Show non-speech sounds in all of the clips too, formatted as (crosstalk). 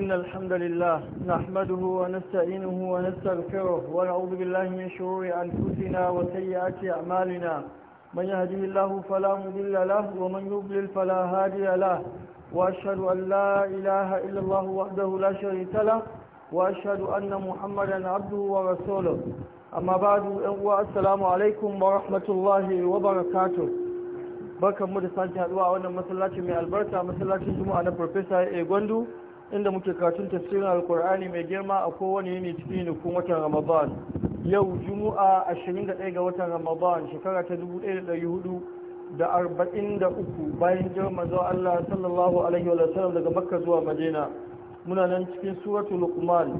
إن الحمد لله نحمده ونستعينه ونستغفره ونعوذ بالله من شرور أنفسنا وسيئات أعمالنا من يهده الله فلا مضل له ومن يضلل فلا هادي له وأشهد أن لا إله إلا الله وحده لا شريك له وأشهد أن محمدا عبده ورسوله أما بعد السلام عليكم ورحمة الله وبركاته barkan mu da sake haduwa a wannan masallacin mai albarka masallacin juma'a na professor Egwandu inda muke katun tafsirin alkur'ani mai girma a kowane yini cikin nukun watan ramadan yau juma'a 21 ga watan ramadan shekara ta 1443 bayan girma manzo Allah sallallahu alaihi wa sallam daga makka zuwa madina muna nan cikin suratul luqman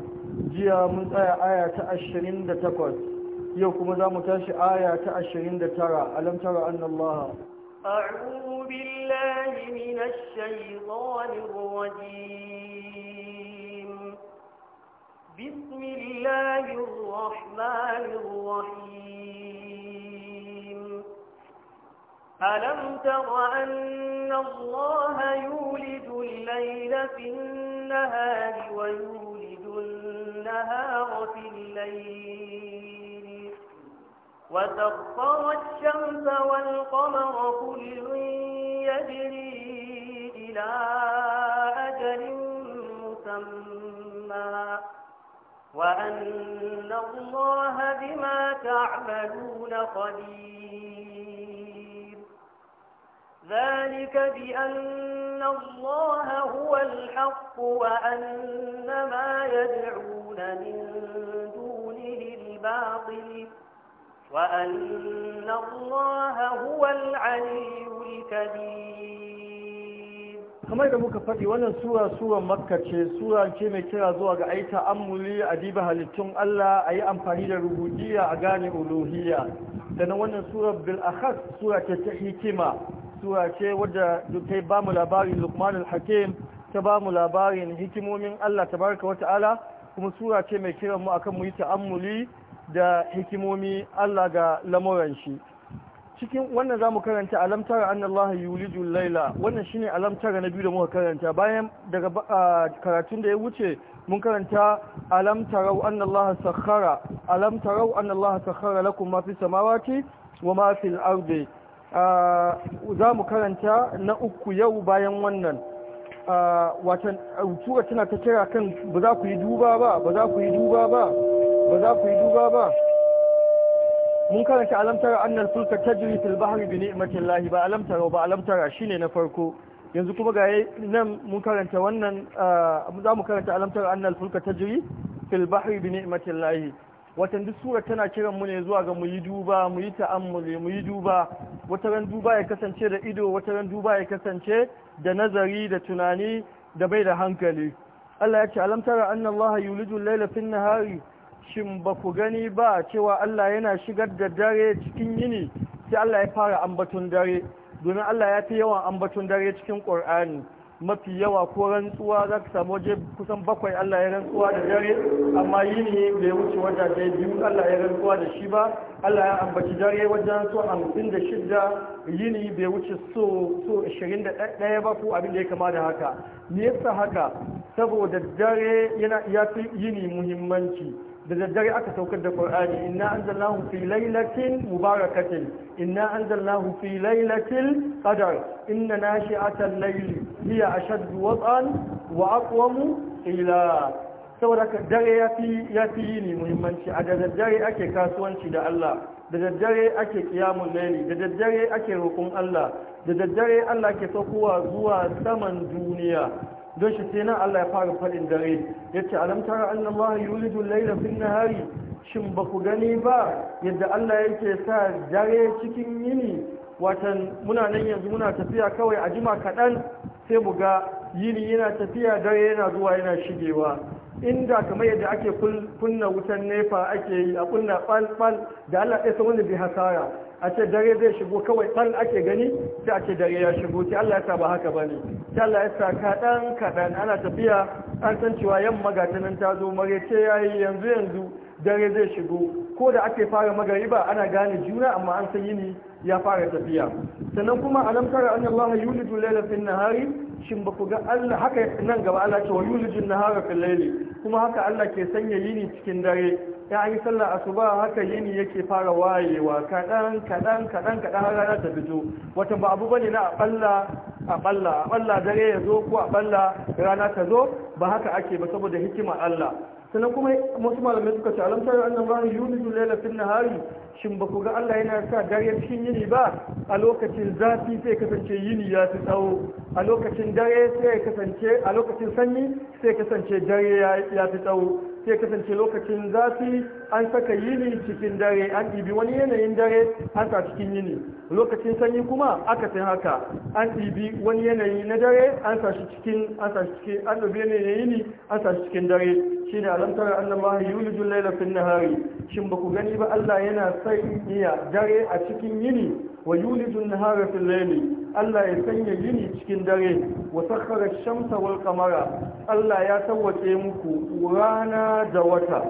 jiya mun tsaya aya ta 28 yau kuma za mu tashi aya ta 29 alam tara annallaha أعوذ بالله من الشيطان الرجيم بسم الله الرحمن الرحيم ألم تر أن الله يولد الليل في النهار ويولد النهار في الليل وسخر الشمس والقمر كل يجري إلى أجل مسمى وأن الله بما تعملون خبير ذلك بأن الله هو الحق وأن ما يدعون من دونه الباطل وأن الله kamar da muka faɗi wannan sura sura makka ce sura ce mai kira zuwa ga aita amuli a diba halittun Allah a yi amfani da rububiyya a gane uluhiyya sannan wannan sura bil akhas sura ce ta hikima sura ce wadda ta ba labarin Luqman al-Hakim ta bamu labarin hikimomin Allah ta wa ala kuma sura ce mai kiran mu akan mu yi ta'ammuli da hikimomi Allah ga lamuran shi cikin wannan zamu karanta alam tara annallaha laila wannan shine alam na biyu da muka karanta bayan daga karatun da ya wuce mun karanta alam tarau annallaha sakhara alam tarau annallaha sakhara lakum ma fi samawati wa ma fil ardi zamu karanta na uku yau bayan wannan watan tura tana ta kira kan ba za ku yi duba ba ba za ku yi duba ba ba za ku yi duba ba mun karanta alamtara annal fulka tajri fil bahri bi lahi ba alamtara ba alamtara shine na farko yanzu kuma ga nan mun karanta wannan ah, za mu karanta alamtara annal fulka tajri fil bahri bi lahi wata duk sura tana kiran mu ne zuwa ga mu yi duba mu yi ta'ammuli mu yi duba wata ran duba ya kasance da ido wata ran duba ya kasance da nazari da tunani da bai da hankali Allah ya ce alam tara anna yulidu yuliju layla nahari shin ba ku gani ba cewa Allah yana shigar da dare cikin yini sai Allah ya fara ambaton dare domin Allah ya fi yawan ambaton dare cikin ƙor'ani mafi yawa ko rantsuwa za ka samu waje kusan bakwai Allah ya rantsuwa da dare amma yini bai wuce da biyu Allah ya rantsuwa da shi ba Allah ya ambaci dare wajen so hamsin da shidda yini bai wuce so so ashirin da ɗaya ba ko abin da ya kama da haka me yasa haka saboda dare yana ya fi yini muhimmanci da daddare aka saukar da qur'ani inna anzalnahu fi lailatin mubarakatin inna anzalnahu fi lailatil qadar inna nashi'atal layli hiya ashaddu wat'an wa aqwamu ila saboda dare ya fi ne muhimmanci a da daddare ake kasuwanci da Allah da daddare ake kiyamun laili da daddare ake roƙon Allah da daddare Allah ke saukowa zuwa saman duniya don shi sai nan Allah ya fara faɗin dare ya ce alamtara annan ma yulijin laila fin nahari shin ba ku gani ba yadda Allah yake sa dare cikin yini watan muna nan yanzu muna tafiya kawai a jima kaɗan sai mu ga yini yana tafiya dare yana zuwa yana shigewa inda kamar yadda ake kunna wutan nefa ake yi a kunna ɓal-ɓal da Allah ɗaya san wanda bi hasara a ce dare zai shigo kawai ɓal ake gani sai a ce dare ya shigo sai Allah ya sa ba haka ba ne sai Allah ya sa kaɗan kaɗan ana tafiya an san cewa yamma ga ta ta zo marece ya yi yanzu yanzu dare zai shigo ko da ake fara magariba ana gane juna amma an san yini ya fara tafiya sannan kuma alam tara anna Allah yulidu layla fil nahari shin ba ku ga Allah haka nan gaba Allah ce wa yulijin nahara fil layli kuma haka Allah ke sanya yini cikin dare ya yi sallar asuba haka yini yake fara wayewa kaɗan kaɗan kaɗan kaɗan har rana ta fito wata ba abu bane na aɓalla a aɓalla dare ya zo ko aɓalla rana ta zo ba haka ake ba saboda hikimar Allah sannan kuma wasu malamai suka ce alam tare annan bani yulidu laila fil hari shi ba ku ga Allah yana sa dare cikin yini ba a lokacin zafi sai kasance yini ya fi tsawo a lokacin dare sai kasance a lokacin sanyi sai kasance dare ya fi tsawo sai kasance lokacin zafi an saka yini cikin dare an ɗibi wani yanayin dare an sa cikin yini lokacin sanyi kuma aka san haka an ɗibi wani yanayi na dare an sa shi cikin an sa shi cikin an ɗibi yanayin yini an sa shi cikin dare shine alam tara anna allaha yulijul layla fin nahari shin gani ba Allah yana sanya dare a cikin yini wa yulijul nahara fil Allah ya sanya yini cikin dare wa sakhara shamsa wal qamara Allah ya tawace muku rana da wata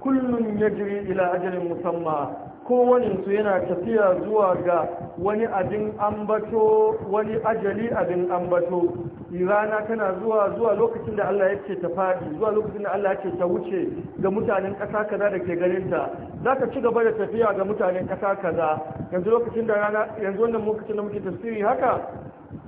kullun yajri ila ajalin musamma kowaninsu yana tafiya zuwa ga wani abin ambato wani ajali abin ambato rana tana zuwa zuwa lokacin da Allah ya ce ta fadi zuwa lokacin da Allah ya ce ta wuce ga mutanen ƙasa kaza da ke ganin ta za ka ci gaba da tafiya ga mutanen ƙasa kaza yanzu lokacin da rana yanzu wannan lokacin da muke tafsiri haka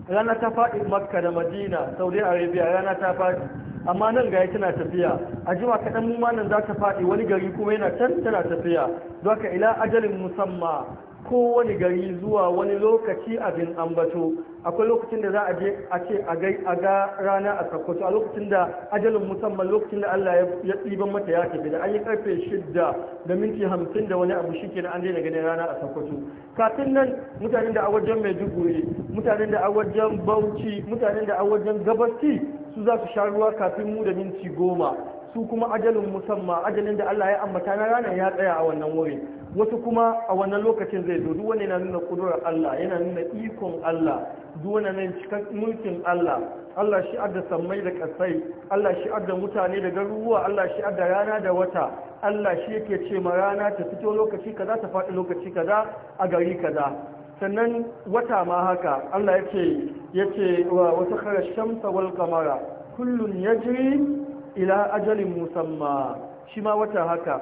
rana ta faɗi makka da madina saudi arabia rana ta faɗi amma nan ga tana tafiya a jima kaɗan mu ma nan za ta faɗi wani gari kuma yana can tana tafiya don haka ila ajalin musamman. kowane gari zuwa wani lokaci abin ambato akwai lokacin da za a je a ce a ga rana a sakkwato a lokacin da ajalin musamman lokacin da Allah ya tsiban mata ya tafi da an yi karfe shidda da minti hamsin da wani abu shike na an daina ganin rana a sakkwato kafin nan mutanen da a wajen maiduguri mutanen da a wajen bauchi mutanen da a wajen gabaski su za su sha ruwa kafin mu da minti goma su kuma ajalin musamma ajalin da Allah ya ambata na ranar ya tsaya a wannan wuri wasu kuma a wannan lokacin zai zo duwane na yana nuna kudurar Allah yana nuna ikon Allah duk wani cikin mulkin Allah Allah shi adda sammai da kasai Allah shi adda mutane da garuruwa Allah shi adda rana da wata Allah shi yake ce ma rana ta fito lokaci kaza ta faɗi lokaci kaza a gari kaza sannan wata ma haka Allah yake yace wa wata kharashamsa wal qamara kullun yajri ila ajalin musamma shi ma wata haka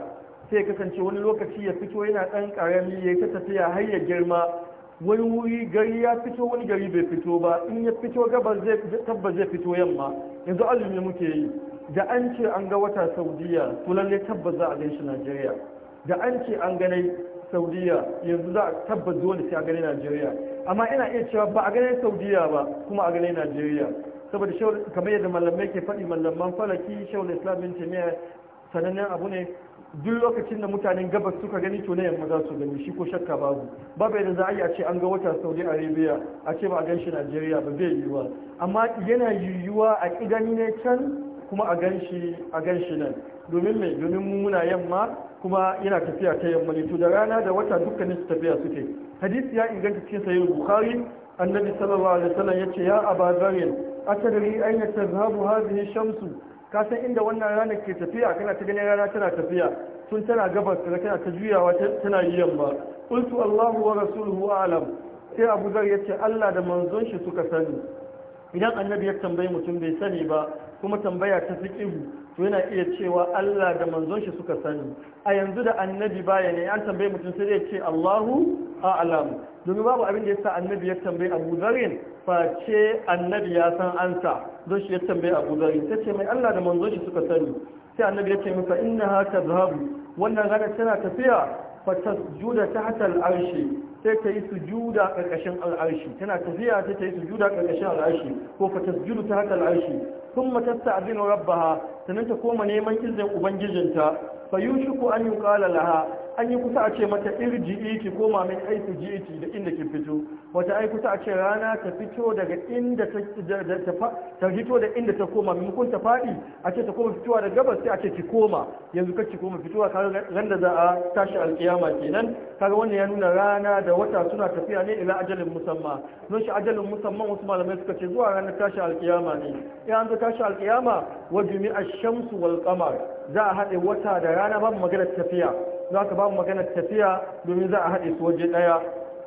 sai kasance wani lokaci ya fito yana ɗan ƙarami ya ta tafiya har ya girma wani wuri gari ya fito wani gari bai fito ba in ya fito gabar zai zai fito yamma yanzu azumi muke yi da an ce an ga wata saudiya to lalle tabbar za a gan shi najeriya da an ce an ganai saudiya yanzu za a zuwa dole sai a ganai najeriya amma ina iya cewa ba a ganai saudiya ba kuma a ganai najeriya saboda kamar yadda mallamai ke faɗi malaman falaki shawul islamin jami'a sanannen abu ne duk lokacin da mutanen gabas suka gani to na yamma za su gani shi ko shakka babu babu yadda za a yi a ce an ga wata saudi arabia a ce ba a gan shi najeriya ba zai yiwuwa amma yana yiwuwa a idani ne can kuma a gan shi nan domin mai domin muna yamma kuma yana tafiya ta yamma ne to da rana da wata dukkanin su tafiya suke hadisi ya inganta cikin sahih bukhari annabi sallallahu alaihi wasallam yace ya abadarin atadri aina tazhabu hadhihi shamsu ka san inda wannan rana ke tafiya kana ta gani rana tana tafiya tun tana gabas kaga tana ta juyawa tana yamma qultu Allahu wa rasuluhu a'lam sai Abu Zar yace Allah da manzon shi suka sani idan annabi ya tambayi mutum bai sani ba kuma tambaya ta fi fiqihu to yana iya cewa Allah da manzon shi suka sani a yanzu da annabi baya ne an tambaye mutum sai ya ce Allahu a'lam domin babu abin da yasa annabi ya tambaye Abu Dharr face annabi ya san ansa don shi ya tambaye Abu Ta tace mai Allah da manzon shi suka sani sai annabi ya ce masa innaha tadhhabu wannan ranar tana tafiya fatasjuda tahta al'arshi sai ta yi sujuda karkashin al'arshi tana tafiya sai ta yi sujuda karkashin al'arshi ko fatasjudu tahta al'arshi thumma tasta'dinu rabbaha sanan ta koma neman izinin ubangijinta fayushiku an yuqala laha an yi kusa a ce mata irji'i ki koma min aiki da inda ki fito wata ai kusa a ce rana ta fito daga inda ta ta fito da inda ta koma mukun ta fadi a ce ta koma fitowa da gabas sai a ce ki koma yanzu kar ki koma fitowa ka ran da za a tashi alkiyama kenan kaga wannan ya nuna rana da wata suna tafiya ne ila ajalin musamma don shi ajalin musamman wasu malamai suka ce zuwa ranar tashi alkiyama ne ya an zo tashi alkiyama wajumi ash-shamsu wal qamar za a haɗe wata da rana babu magana tafiya za ka ba mu magana tafiya domin za a haɗe su waje ɗaya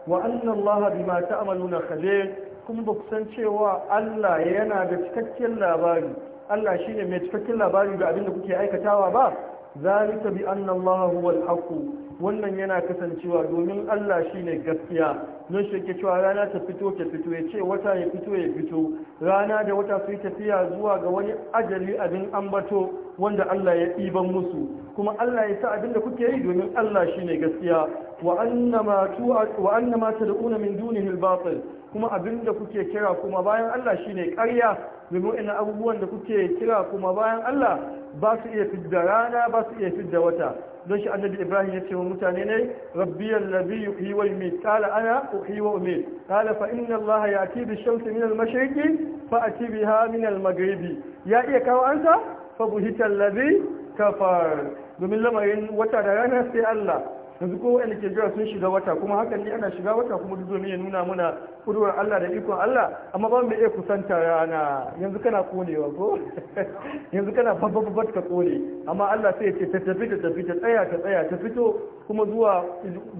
wa anna mata bima ta'maluna khabir kuma ba ku san cewa Allah yana da cikakken labari Allah shine mai cikakken labari ga abin da kuke aikatawa ba zalika bi anna Allah huwa al wannan yana kasancewa domin Allah shine gaskiya don shi yake cewa rana ta fito ta fito ya ce wata ya fito ya fito rana da wata su tafiya zuwa ga wani ajali abin ambato wanda Allah ya ɗiban musu kuma Allah ya sa abin da kuke yi domin Allah shine gaskiya wa annama tu'a wa annama tad'una min dunihi al-batil kuma abin da kuke kira kuma bayan Allah shine ƙarya domin wa'annan abubuwan da kuke kira kuma bayan Allah ba su iya fidda rana ba su iya fidda wata don shi annabi Ibrahim ya ce wa mutane ne rabbiyal ladhi yuhyi wa yumiit qala ana uhyi wa umiit qala fa inna Allah ya'ti bi shamsi min al-mashriqi fa ati biha min al-maghribi ya iya kawo ansa fa buhita alladhi kafar domin lamarin wata da rana sai Allah yanzu ko wanda ke jira sun shiga wata kuma hakan ne ana shiga wata kuma duk domin ya nuna mana. kudurar Allah da ikon Allah amma ba mu iya kusanta rana yanzu kana konewa ko (laughs) yanzu kana babba ka kone amma Allah sai ya ce ta tafi ta tafi ta tsaya ta tsaya ta fito kuma zuwa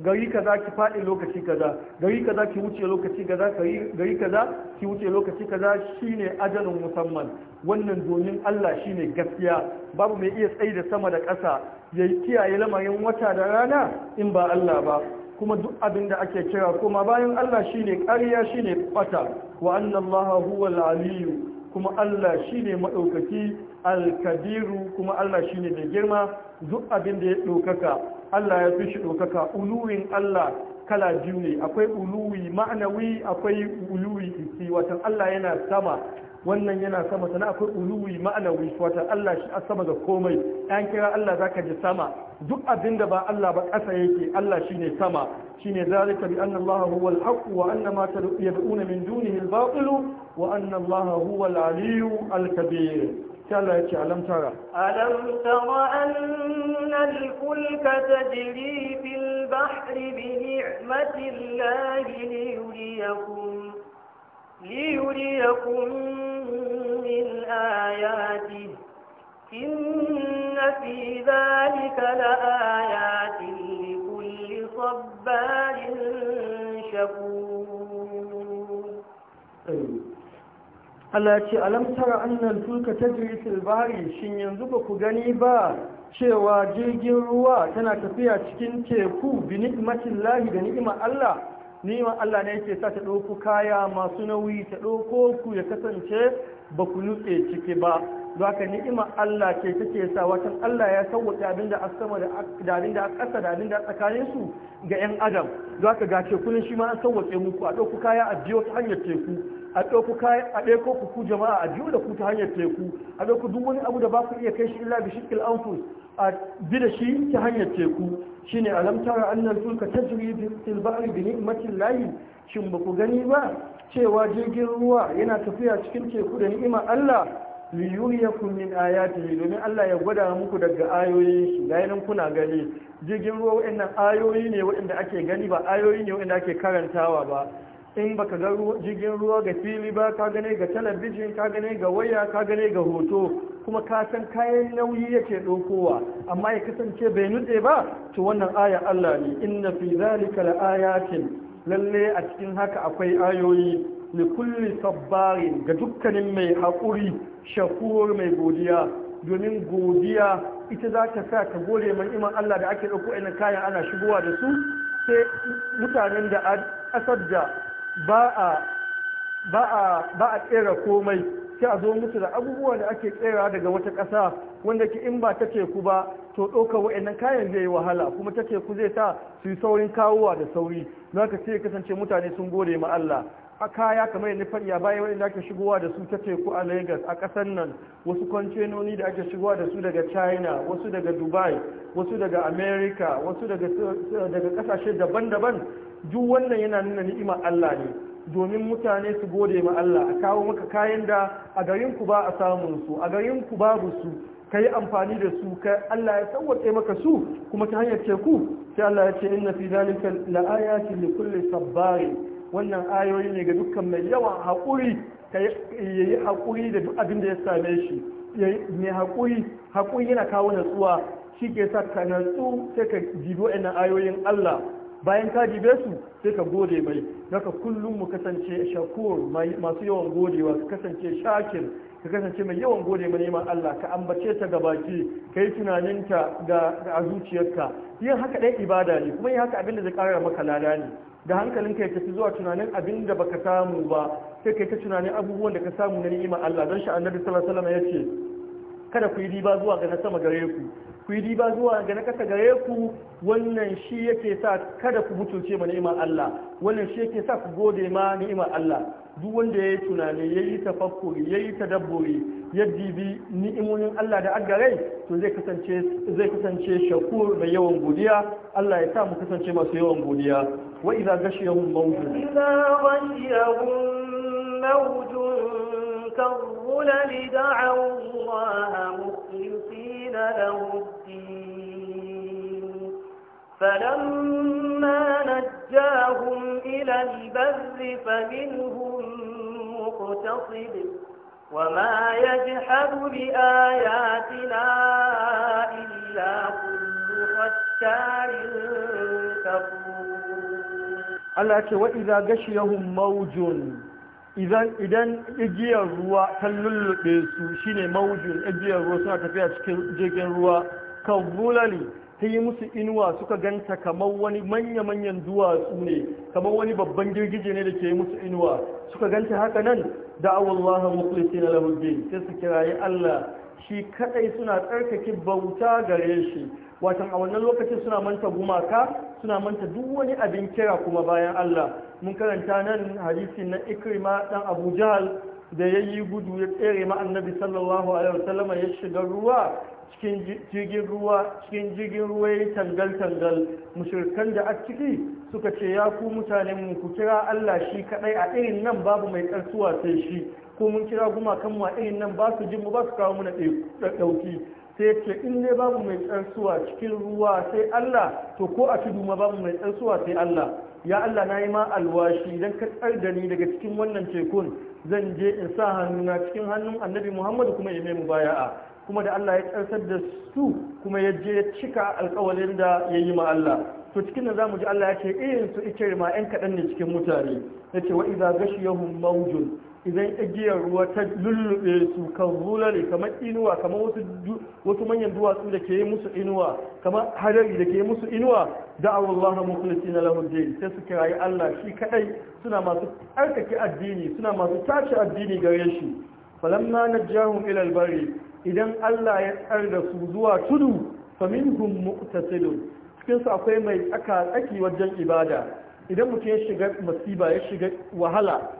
gari kaza ki faɗi lokaci kaza gari kaza ki wuce lokaci kaza gari kaza ki wuce lokaci kaza shine ajalin musamman wannan domin Allah shine gaskiya babu mai iya tsayi da sama da ƙasa ya kiyaye lamarin wata da rana in ba Allah ba kuma duk abin da ake kira kuma bayan Allah shine ƙarya shine ɓata wa annallaha huwal aliyu kuma Allah shine maɗaukaki alkabiru kuma Allah shine mai girma duk abin da ya ɗaukaka Allah ya fi shi ɗaukaka uluwin Allah kala biyu ne akwai uluwi ma'anawi akwai uluwi isi watan Allah yana sama wannan yana sama sana akwai uluwi ma'anawi watan Allah shi a sama ga komai ɗan kira Allah zaka ji sama duk abin da ba Allah ba ƙasa yake Allah shine sama shine zalika bi anna Allah huwa al-haq wa anna ma yad'una min dunihi al-batil wa anna Allah huwa al-aliyyu al-kabir تعالى يا ألم ترى ألم تر أن الفلك تجري في البحر بنعمة الله ليريكم ليريكم من آياته إن في ذلك لآيات لكل صبار شكور Allah ya ce alam tara annal fulka tajri fil bahri shin yanzu ba ku gani ba cewa jirgin ruwa tana tafiya cikin teku bi ni'matin lahi da ni'imar Allah ni'imar Allah ne yake sa ta ɗauko kaya masu nauyi ta ɗauko ku ya kasance ba ku nutse ciki ba zaka ni'imar Allah ce take sa watan Allah ya sauwaƙe abin da da abin da kasa ƙasa da abin da tsakanin su ga 'yan adam zaka ga tekunin shi ma an sauwaƙe muku a ɗauku kaya a biyo ta hanyar teku a ɗauku kayan a ɗauko ku ku jama'a a biyu da ku ta hanyar teku a ɗauku duk wani abu da ba ku iya kai shi illa bi shikil anfus a bi da shi ta hanyar teku shine alamtara tara annal tulka tajri fil bahri bi ni'matin lahi shin ba ku gani ba cewa jirgin ruwa yana tafiya cikin teku da ni'ima Allah li yuriyakum min ayatihi domin Allah ya gwada muku daga ayoyin shi ga nan kuna gani jirgin ruwa waɗannan ayoyi ne waɗanda ake gani ba ayoyi ne waɗanda ake karantawa ba in baka ga jirgin ruwa ga fili ba ka gane ga talabijin ka gane ga waya ka gane ga hoto kuma ka san kayan nauyi yake ɗaukowa amma ya kasance bai nutse ba to wannan aya Allah ne inna fi zalika laayatin lalle a cikin haka akwai ayoyi li kulli sabbarin ga dukkanin mai hakuri shakur mai godiya domin godiya ita za ta sa ta gode man iman Allah da ake ɗauko ina kayan ana shigowa da su sai mutanen da asar da ba a tsera komai sai a zo musu da abubuwan da ake tsera daga wata ƙasa wanda ke in ba ta teku ba to ɗaukar wa'annan kayan zai yi wahala kuma ta teku zai sa su yi saurin kawowa da sauri za ka sai kasance mutane sun gode ma Allah a kaya kamar yadda fari a baya wanda ake shigowa da su ta teku a lagos a ƙasar nan wasu kwancenoni da ake shigowa da su daga china wasu daga dubai wasu daga america wasu daga kasashe daban-daban duk wannan yana nuna ni'imar allah ne domin mutane su gode ma Allah a kawo maka kayan da a garin ku ba a samun su a garin ku babu su ka yi amfani da su ka Allah ya sauwaƙe maka su kuma ta hanyar teku sai Allah ya ce inna fi zalika la'ayati li kulli sabbari wannan ayoyi ne ga dukkan mai yawan haƙuri yi haƙuri da duk abin da ya same shi mai haƙuri haƙuri yana kawo natsuwa shi ke sa ka natsu sai ka jibi wa'annan ayoyin Allah bayan ka jibe su sai ka gode mai daga kullum mu kasance shakur masu yawan godewa ka kasance shakir ka kasance mai yawan gode ma neman Allah ka ambace ta ga baki ka yi tunaninta ga a zuciyarka yin haka ɗaya ibada ne kuma yin haka abin da zai ƙara maka lada ne da ka ya tafi zuwa tunanin abin da baka samu ba sai kai ta tunanin abubuwan da ka samu na ni'imar Allah don sha'an da sallallahu alaihi ya ce kada ku yi riba zuwa ga na sama gare ku ku yi riba zuwa ga na kasa gare ku wannan shi yake sa kada ku mutunce ma ni'imar Allah wannan shi yake sa ku gode ma ni'imar Allah duk wanda yayi tunani yayi tafakkuri yayi tadabburi ya bi ni'imonin Allah da agarai to zai kasance zai kasance shakur mai yawan godiya Allah ya sa mu kasance masu yawan godiya wa idza ghashiyahum mawjun idza ghashiyahum mawjun كالظلل دعوا الله مخلصين له الدين فلما نجاهم إلى البر فمنهم مقتصد وما يجحد بآياتنا إلا كل ختار كفور الله وإذا غشيهم موج idan igiyar ruwa ta lullube su shine mawujin igiyar ruwa suna tafiya cikin jirgin ruwa kan bulali ta yi musu inuwa suka ganta kamar wani manya-manyan duwatsu ne kamar wani babban girgije ne da ke yi musu inuwa suka ganta haka nan da awallah na lahuddin sai su kirayi Allah shi kadai suna tsarkake bauta gare shi watan a wannan lokacin suna manta gumaka suna manta duk wani abin kira kuma bayan Allah mun karanta nan hadisin na ikrima dan abu jahal da ya yi gudu ya tsere ma annabi sallallahu alaihi wasallama ya shiga ruwa cikin jirgin ruwa cikin jirgin ruwa ya tangal tangal mushrikan da a ciki suka ce ya ku mutanen mu ku kira Allah shi kadai a irin nan babu mai karsuwa sai shi ko mun kira gumakan mu a irin nan ba su jin mu ba su kawo mu na dauki sai ce in ne babu mai tsarsuwa cikin ruwa sai Allah to ko a tudu ma babu mai tsarsuwa sai Allah ya Allah na yi ma alwashi idan ka tsar da ni daga cikin wannan tekun zan je in sa hannuna cikin hannun annabi Muhammadu kuma ya mu baya'a kuma da Allah ya tsarsar da su kuma ya je ya cika alkawalin da ya yi ma Allah to cikin nan zamu ji Allah ya ce irin eh, su ice ma 'yan kaɗan ne cikin mutane ya ce wa iza gashiyahum mawjun idan igiyar ruwa ta lullube su kan zulare kamar inuwa kamar wasu manyan duwatsu da ke yi musu inuwa kamar hadari da ke yi musu inuwa da'awar Allah mukhlisin na din sai su kirayi Allah shi kadai suna masu tsarkake addini suna masu tashi addini gare shi falamma najjahum ilal-bari. idan Allah ya tsar da su zuwa tudu faminhum muqtasidun cikin su akwai mai tsaka tsaki wajen ibada idan mutum ya shiga masiba ya shiga wahala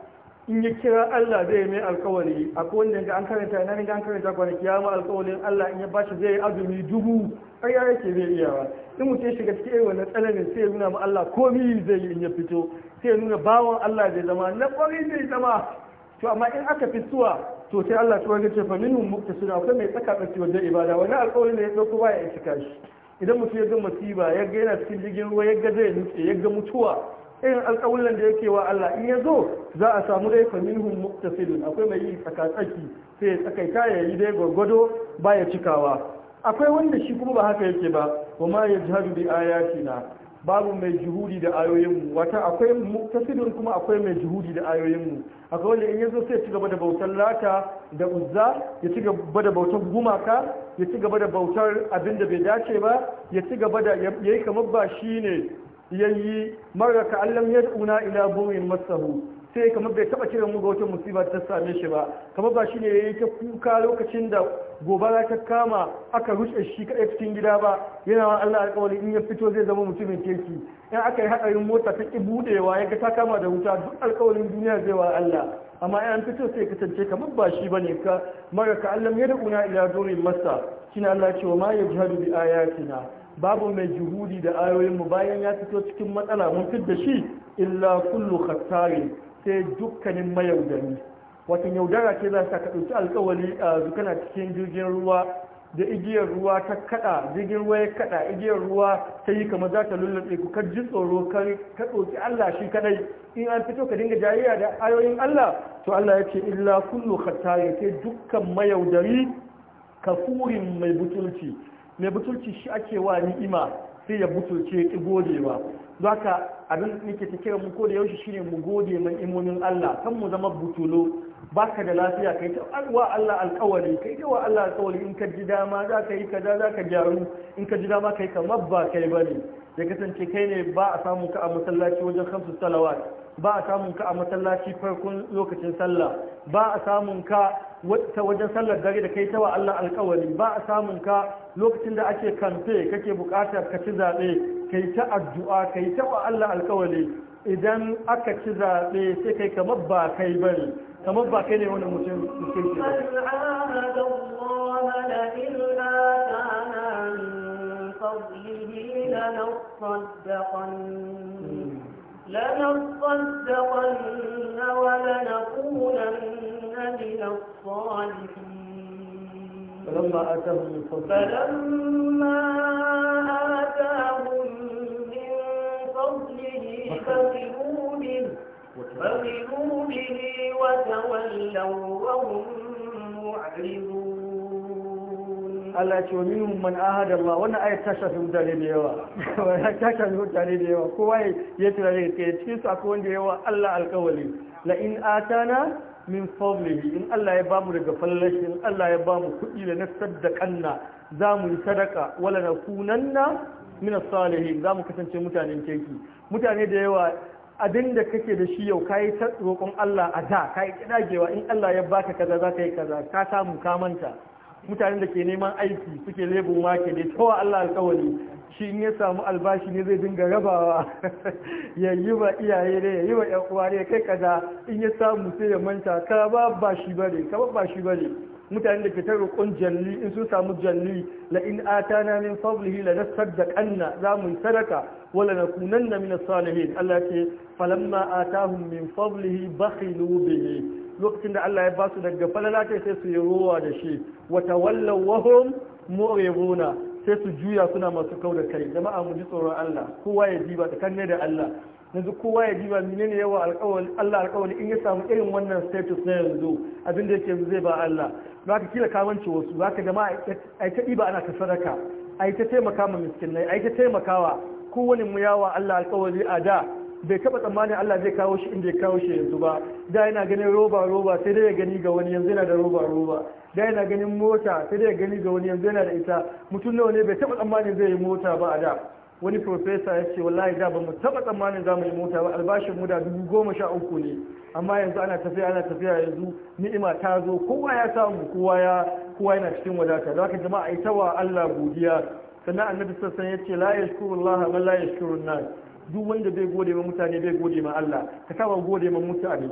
in ya kira Allah zai mai alkawari a wanda ga an karanta ina ne an karanta kwanaki ya ma alkawarin Allah in ya bashi zai azumi dubu har ya yake zai iya ba in mutum ya shiga cikin wannan tsananin sai ya nuna ma Allah komi zai yi in ya fito sai ya nuna bawan Allah zai zama na kwari zai zama to amma in aka fituwa to sai Allah ta wani ce fa minhum suna akwai mai tsaka tsaki wajen ibada wani alkawarin da ya dauko baya ya cika shi idan mutum ya ga masiba ya ga yana cikin jirgin ruwa ya ga zai nutse ya ga mutuwa irin alƙawullan da yake wa Allah in ya zo za a samu dai faminhum muktasidun akwai mai yi tsakatsaki sai ya tsakaita ya yi dai gwargwado baya cikawa akwai wanda shi kuma ba haka yake ba kuma ya jihadu bi ayatina babu mai juhudi da ayoyinmu wata akwai muktasidun kuma akwai mai juhudi da ayoyinmu akwai wanda in ya zo sai ci gaba da bautar lata da uzza ya ci da bautar gumaka ya ci gaba da bautar abin da bai dace ba ya cigaba da yayi kamar ba shine yayi marra ka allam duna ila burin masahu sai kamar bai taba kiran mu ga wata musiba ta same shi ba kamar ba shine yayi ta kuka lokacin da gobara ta kama aka rushe shi kadai cikin gida ba yana wa Allah alƙawari in ya fito zai zama mutumin kirki in aka yi hadarin mota ta ki budewa ya ga ta kama da wuta duk alƙawarin duniya zai wa Allah amma in an fito sai kasance kamar ba shi bane ka mara ka allam duna ila burin masa kina Allah cewa ma yajhadu bi ayatina babu mai juhudi da ayoyinmu bayan ya fito cikin matsala mun da shi illa kullu khattarin sai dukkanin mayaudari wata yaudara ce za ta ka ɗauki alkawali a cikin jirgin ruwa da igiyar ruwa ta kada jirgin ruwa ya kada igiyar ruwa ta yi kamar za ta lullube ku kar ji tsoro kar ka ɗauki Allah shi kadai in an fito ka dinga jayayya da ayoyin Allah to Allah ya ce illa kullu khattarin sai dukkan mayaudari kafurin mai butulci mai butulci shi ake wa ni'ima sai ya butulce ki godewa zaka abin nake ta kira mu ko da yaushe shine mu gode mai imonin Allah kan mu zama butulo baka da lafiya kai ta wa Allah alƙawari kai ta wa Allah alƙawari in ka ji dama za ka yi kaza za ka gyaru in ka ji dama kai kamar ba kai bane ya kasance kai ne ba a samu ka a masallaci wajen kamsu salawat ba a samu ka a masallaci farkon lokacin sallah ba a samun ka ta wajen sallar dare da kai tawa Allah alkawari ba a samun ka lokacin da ake kamfe kake bukatar ka ci zaɓe kai ta addu'a kai tawa Allah alkawari idan aka ci zaɓe sai kai kamar ba kai bane kamar ba kai ne wani mutum mutum ke ba لنصدقن ولنكونن من الصالحين فلما آتاهم من فضله فلما آتاهم من فضله فغلوا به فغلوا به وتولوا وهم معرضون Allah ce wa minhum man ahada Allah wannan ayat ta shafi mutane da yawa (laughs) ta shafi mutane da yawa kowa ya tunani ke cikin su akwai wanda yawa Allah alkawali la in atana min fadlihi in Allah ya bamu daga fallashi in Allah ya bamu kuɗi da na saddaƙanna za mu yi sadaka wala na kunanna min salihin za mu kasance mutanen keki mutane da yawa abin da kake da shi yau kayi ta roƙon Allah a da kayi kidagewa in Allah ya baka kaza za ka yi kaza ka samu ka manta mutanen da ke neman aiki suke lebin wake ne tawa Allah alkawari shi in ya samu albashi ne zai dinga rabawa (laughs) ya yi wa iyaye ne ya yi wa ƴan uwa ne kai kaza in ya samu sai ya manta ka ba ba shi bare ka ba ba shi bare mutanen da ke ta roƙon jalli in sun samu janni la in atana min fadlihi la nasaddaqanna za mu sadaka wala nakunanna min as-salihin Allah ce falamma atahum min fadlihi bakhilu bihi lokacin da Allah ya ba su daga falalata sai su yi ruwa da shi wata wallan wahum mu'ribuna sai su juya suna masu kau kai jama'a mu ji tsoron Allah kowa ya jiba tsakanin da Allah yanzu kowa ya jiba ne yawa Allah alƙawari in ya samu irin wannan status na yanzu abin da yake zai ba Allah ka kila kamanci wasu ka jama'a ai ta diba ana ta sadaka ai ta taimaka ma miskinai ai ta taimakawa kowane mu yawa Allah alƙawari a da bai taba tsammanin Allah zai kawo shi inda ya kawo shi yanzu ba da yana ganin roba roba sai dai ya gani ga wani yanzu yana da roba roba da yana ganin mota sai dai ya gani ga wani yanzu yana da ita mutum nawa ne bai taba tsammanin zai yi mota ba a da wani profesa ya ce wallahi da ba mu taba tsammanin za mu yi mota ba albashin mu da dubu goma sha uku ne amma yanzu ana tafiya ana tafiya yanzu ni'ima ta zo kowa ya samu kowa ya kowa yana cikin wadata zaka jama'a ita wa Allah godiya sannan annabi sassan ya ce la yashkurullaha man la yashkurun nas duk wanda bai gode ma mutane bai gode ma Allah ka kama gode ma mutane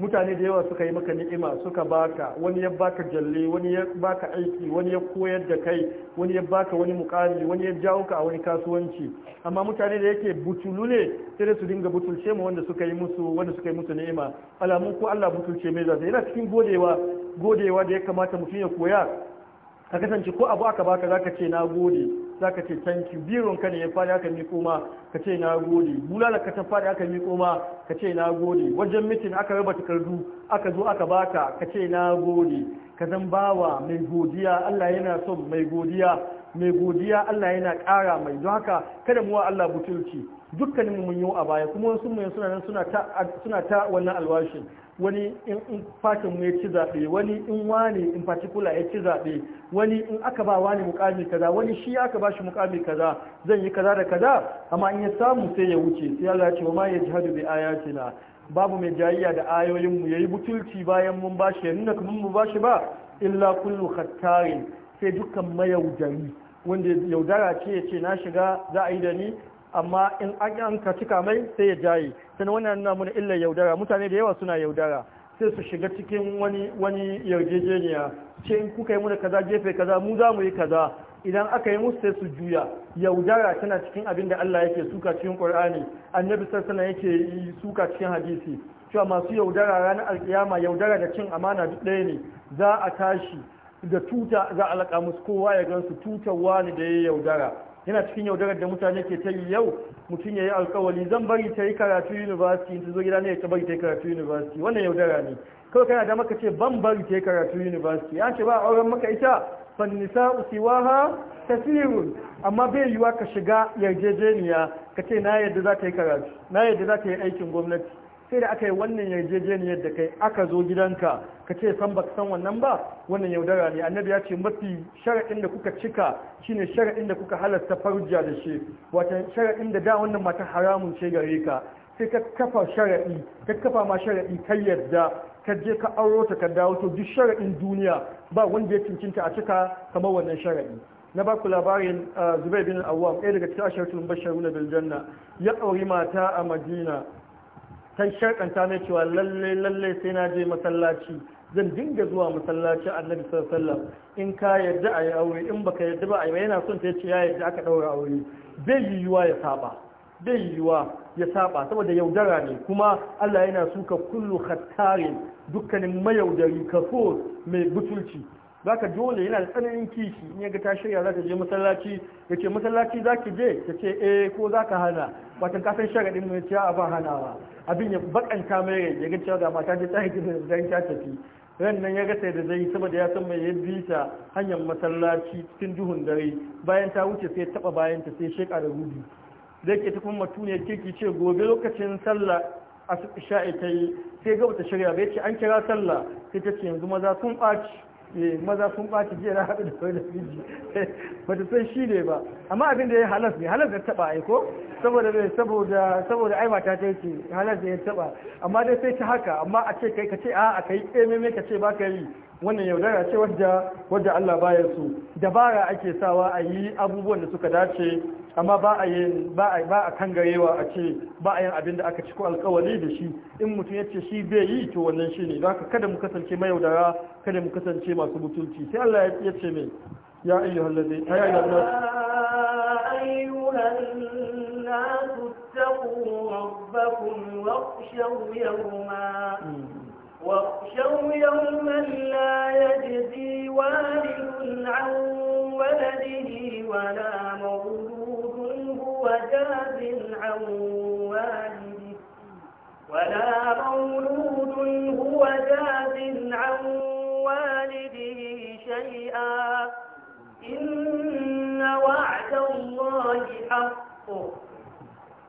mutane da yawa suka yi maka ni'ima suka baka wani ya baka jalle wani ya baka aiki wani ya koyar da kai wani ya baka wani mukami wani ya jawo ka a wani kasuwanci amma mutane da yake butulu ne sai da su dinga butulce mu wanda suka yi musu wanda suka yi musu ni'ima alamun ko Allah butulce mai zai yana cikin godewa godewa da ya kamata mutum ya koya ka kasance ko abu aka baka zaka ce na gode za ka ce thank you biron ka ne ya fara aka miko ma ka ce na gode bulala ka ta fadi aka miko ma ka ce na gode wajen mitin aka raba takardu aka zo aka baka ka ce na gode ka zan bawa mai godiya Allah yana son mai godiya mai godiya Allah yana ƙara mai don haka kada mu wa Allah butulci dukkanin mun yi a baya kuma wasu mai suna nan suna ta suna ta wannan alwashin wani in fatin mu ya ci zaɓe wani in wani in particular ya ci zaɓe wani in aka ba wani mukami kaza wani shi aka ba shi mukami kaza zan yi kaza da kaza amma in ya samu sai ya wuce sai ya ce wa ma yajhadu bi ayatina babu mai jayayya da ayoyin mu yayi butulci bayan mun bashi ya nuna kuma mun bashi ba illa kullu khattarin sai dukkan mayaudari wanda yaudara ce ya ce na shiga za a yi da ni amma in an ka cika mai sai ya jaye wani wannan nuna muna illar yaudara mutane da yawa suna yaudara sai su shiga cikin wani wani yarjejeniya ce in kuka yi muna kaza gefe kaza mu za mu yi kaza idan aka yi musu sai su juya yaudara tana cikin abin da Allah yake suka cikin Qur'ani annabi sallallahu alaihi yake suka cikin hadisi cewa masu yaudara ranar alkiyama yaudara da cin amana duk ɗaya ne za a tashi da tuta za a laƙa musu kowa ya gansu tutawa wani da ya yaudara yana cikin yaudarar da mutane ke ta yi yau mutum ya yi alkawali zan bari ta yi karatu university ta zo gida ne ta bari ta yi karatu university wannan yaudara ne kawai kana da maka ce ban bari ta yi karatu university ya ce ba auren maka ita fannisa usiwaha tasirun amma bai yiwa ka shiga yarjejeniya ka ce na yadda za ta yi karatu na yadda za ta yi aikin gwamnati sai da aka yi wannan yarjejeniyar da kai aka zo gidanka ka ce san baka san wannan ba wannan yaudara ne annabi ya ce mafi shara'in da kuka cika shine shara'in da kuka halasta farja da shi wato shara'in da da wannan mata haramun ce gare ka sai ka kafa sharaɗi ka kafa ma sharaɗi ka yarda ka je ka auro ta ka dawo to duk shara'in duniya ba wanda ya cincinta a cika kamar wannan sharai na baku labarin uh, Zubair bin Awwam ɗaya daga cikin asharatul basharuna bil janna ya auri mata a Madina kan sharkanta mai cewa lalle lalle sai na je masallaci zan dinga zuwa masallaci annabi sallallahu alaihi wasallam in ka yarda a yi aure in baka yarda ba a yi yana son ta yace ya yarda aka daura aure bai yiwuwa ya saba bai yiwuwa ya saba saboda yaudara ne kuma Allah yana suka kullu khattarin dukkanin mayaudari kafo mai butulci za ka dole yana da tsananin kishi in yaga ta shirya za ta je masallaci ya ce masallaci za ki je ta ce eh ko za ka hana watan kasan shagadin mai ciya a ba hanawa abin ya bakanta mai rai ya ga cewa ga mata ta tsaye da zai ta tafi ran nan ya gasa da zai saboda ya san mai ya ta hanyar masallaci tun duhun dare bayan ta wuce sai taba bayan ta sai sheka da gudu zai ke tukun matuniyar kirki ce gobe lokacin sallah a sha'i ta yi sai gaba ta shirya bai ce an kira sallah sai ta ce yanzu maza sun ɓaci Eh, maza sun ɓaci jiya na haɗu da wani namiji (laughs) ba ta san shi ne ba amma abin da ya halas ne halas da taɓa aiko saboda mai saboda saboda ai mata ta ce halas da ya taɓa amma dai sai ta haka amma a ce kai ka ce a ka yi ƙememe ka ce ba ka yi wannan yaudara ce wadda Allah baya su dabara ake sawa a yi abubuwan da suka dace amma ba a yin ba a ba a kangarewa a ce ba a yin abin da aka ci ko alƙawari da shi in mutum ya ce shi bai yi to wannan shi ne zaka kada mu kasance mayaudara kada mu kasance masu mutunci sai Allah ya ce mai ya ayyuhal ladhi ya ayyuhal الناس اتقوا ربكم واخشوا يوما واخشوا يوما لا يجزي والد عن ولده ولا مولود وجاز عن والده ولا مولود هو جاز عن والده شيئا إن وعد الله حق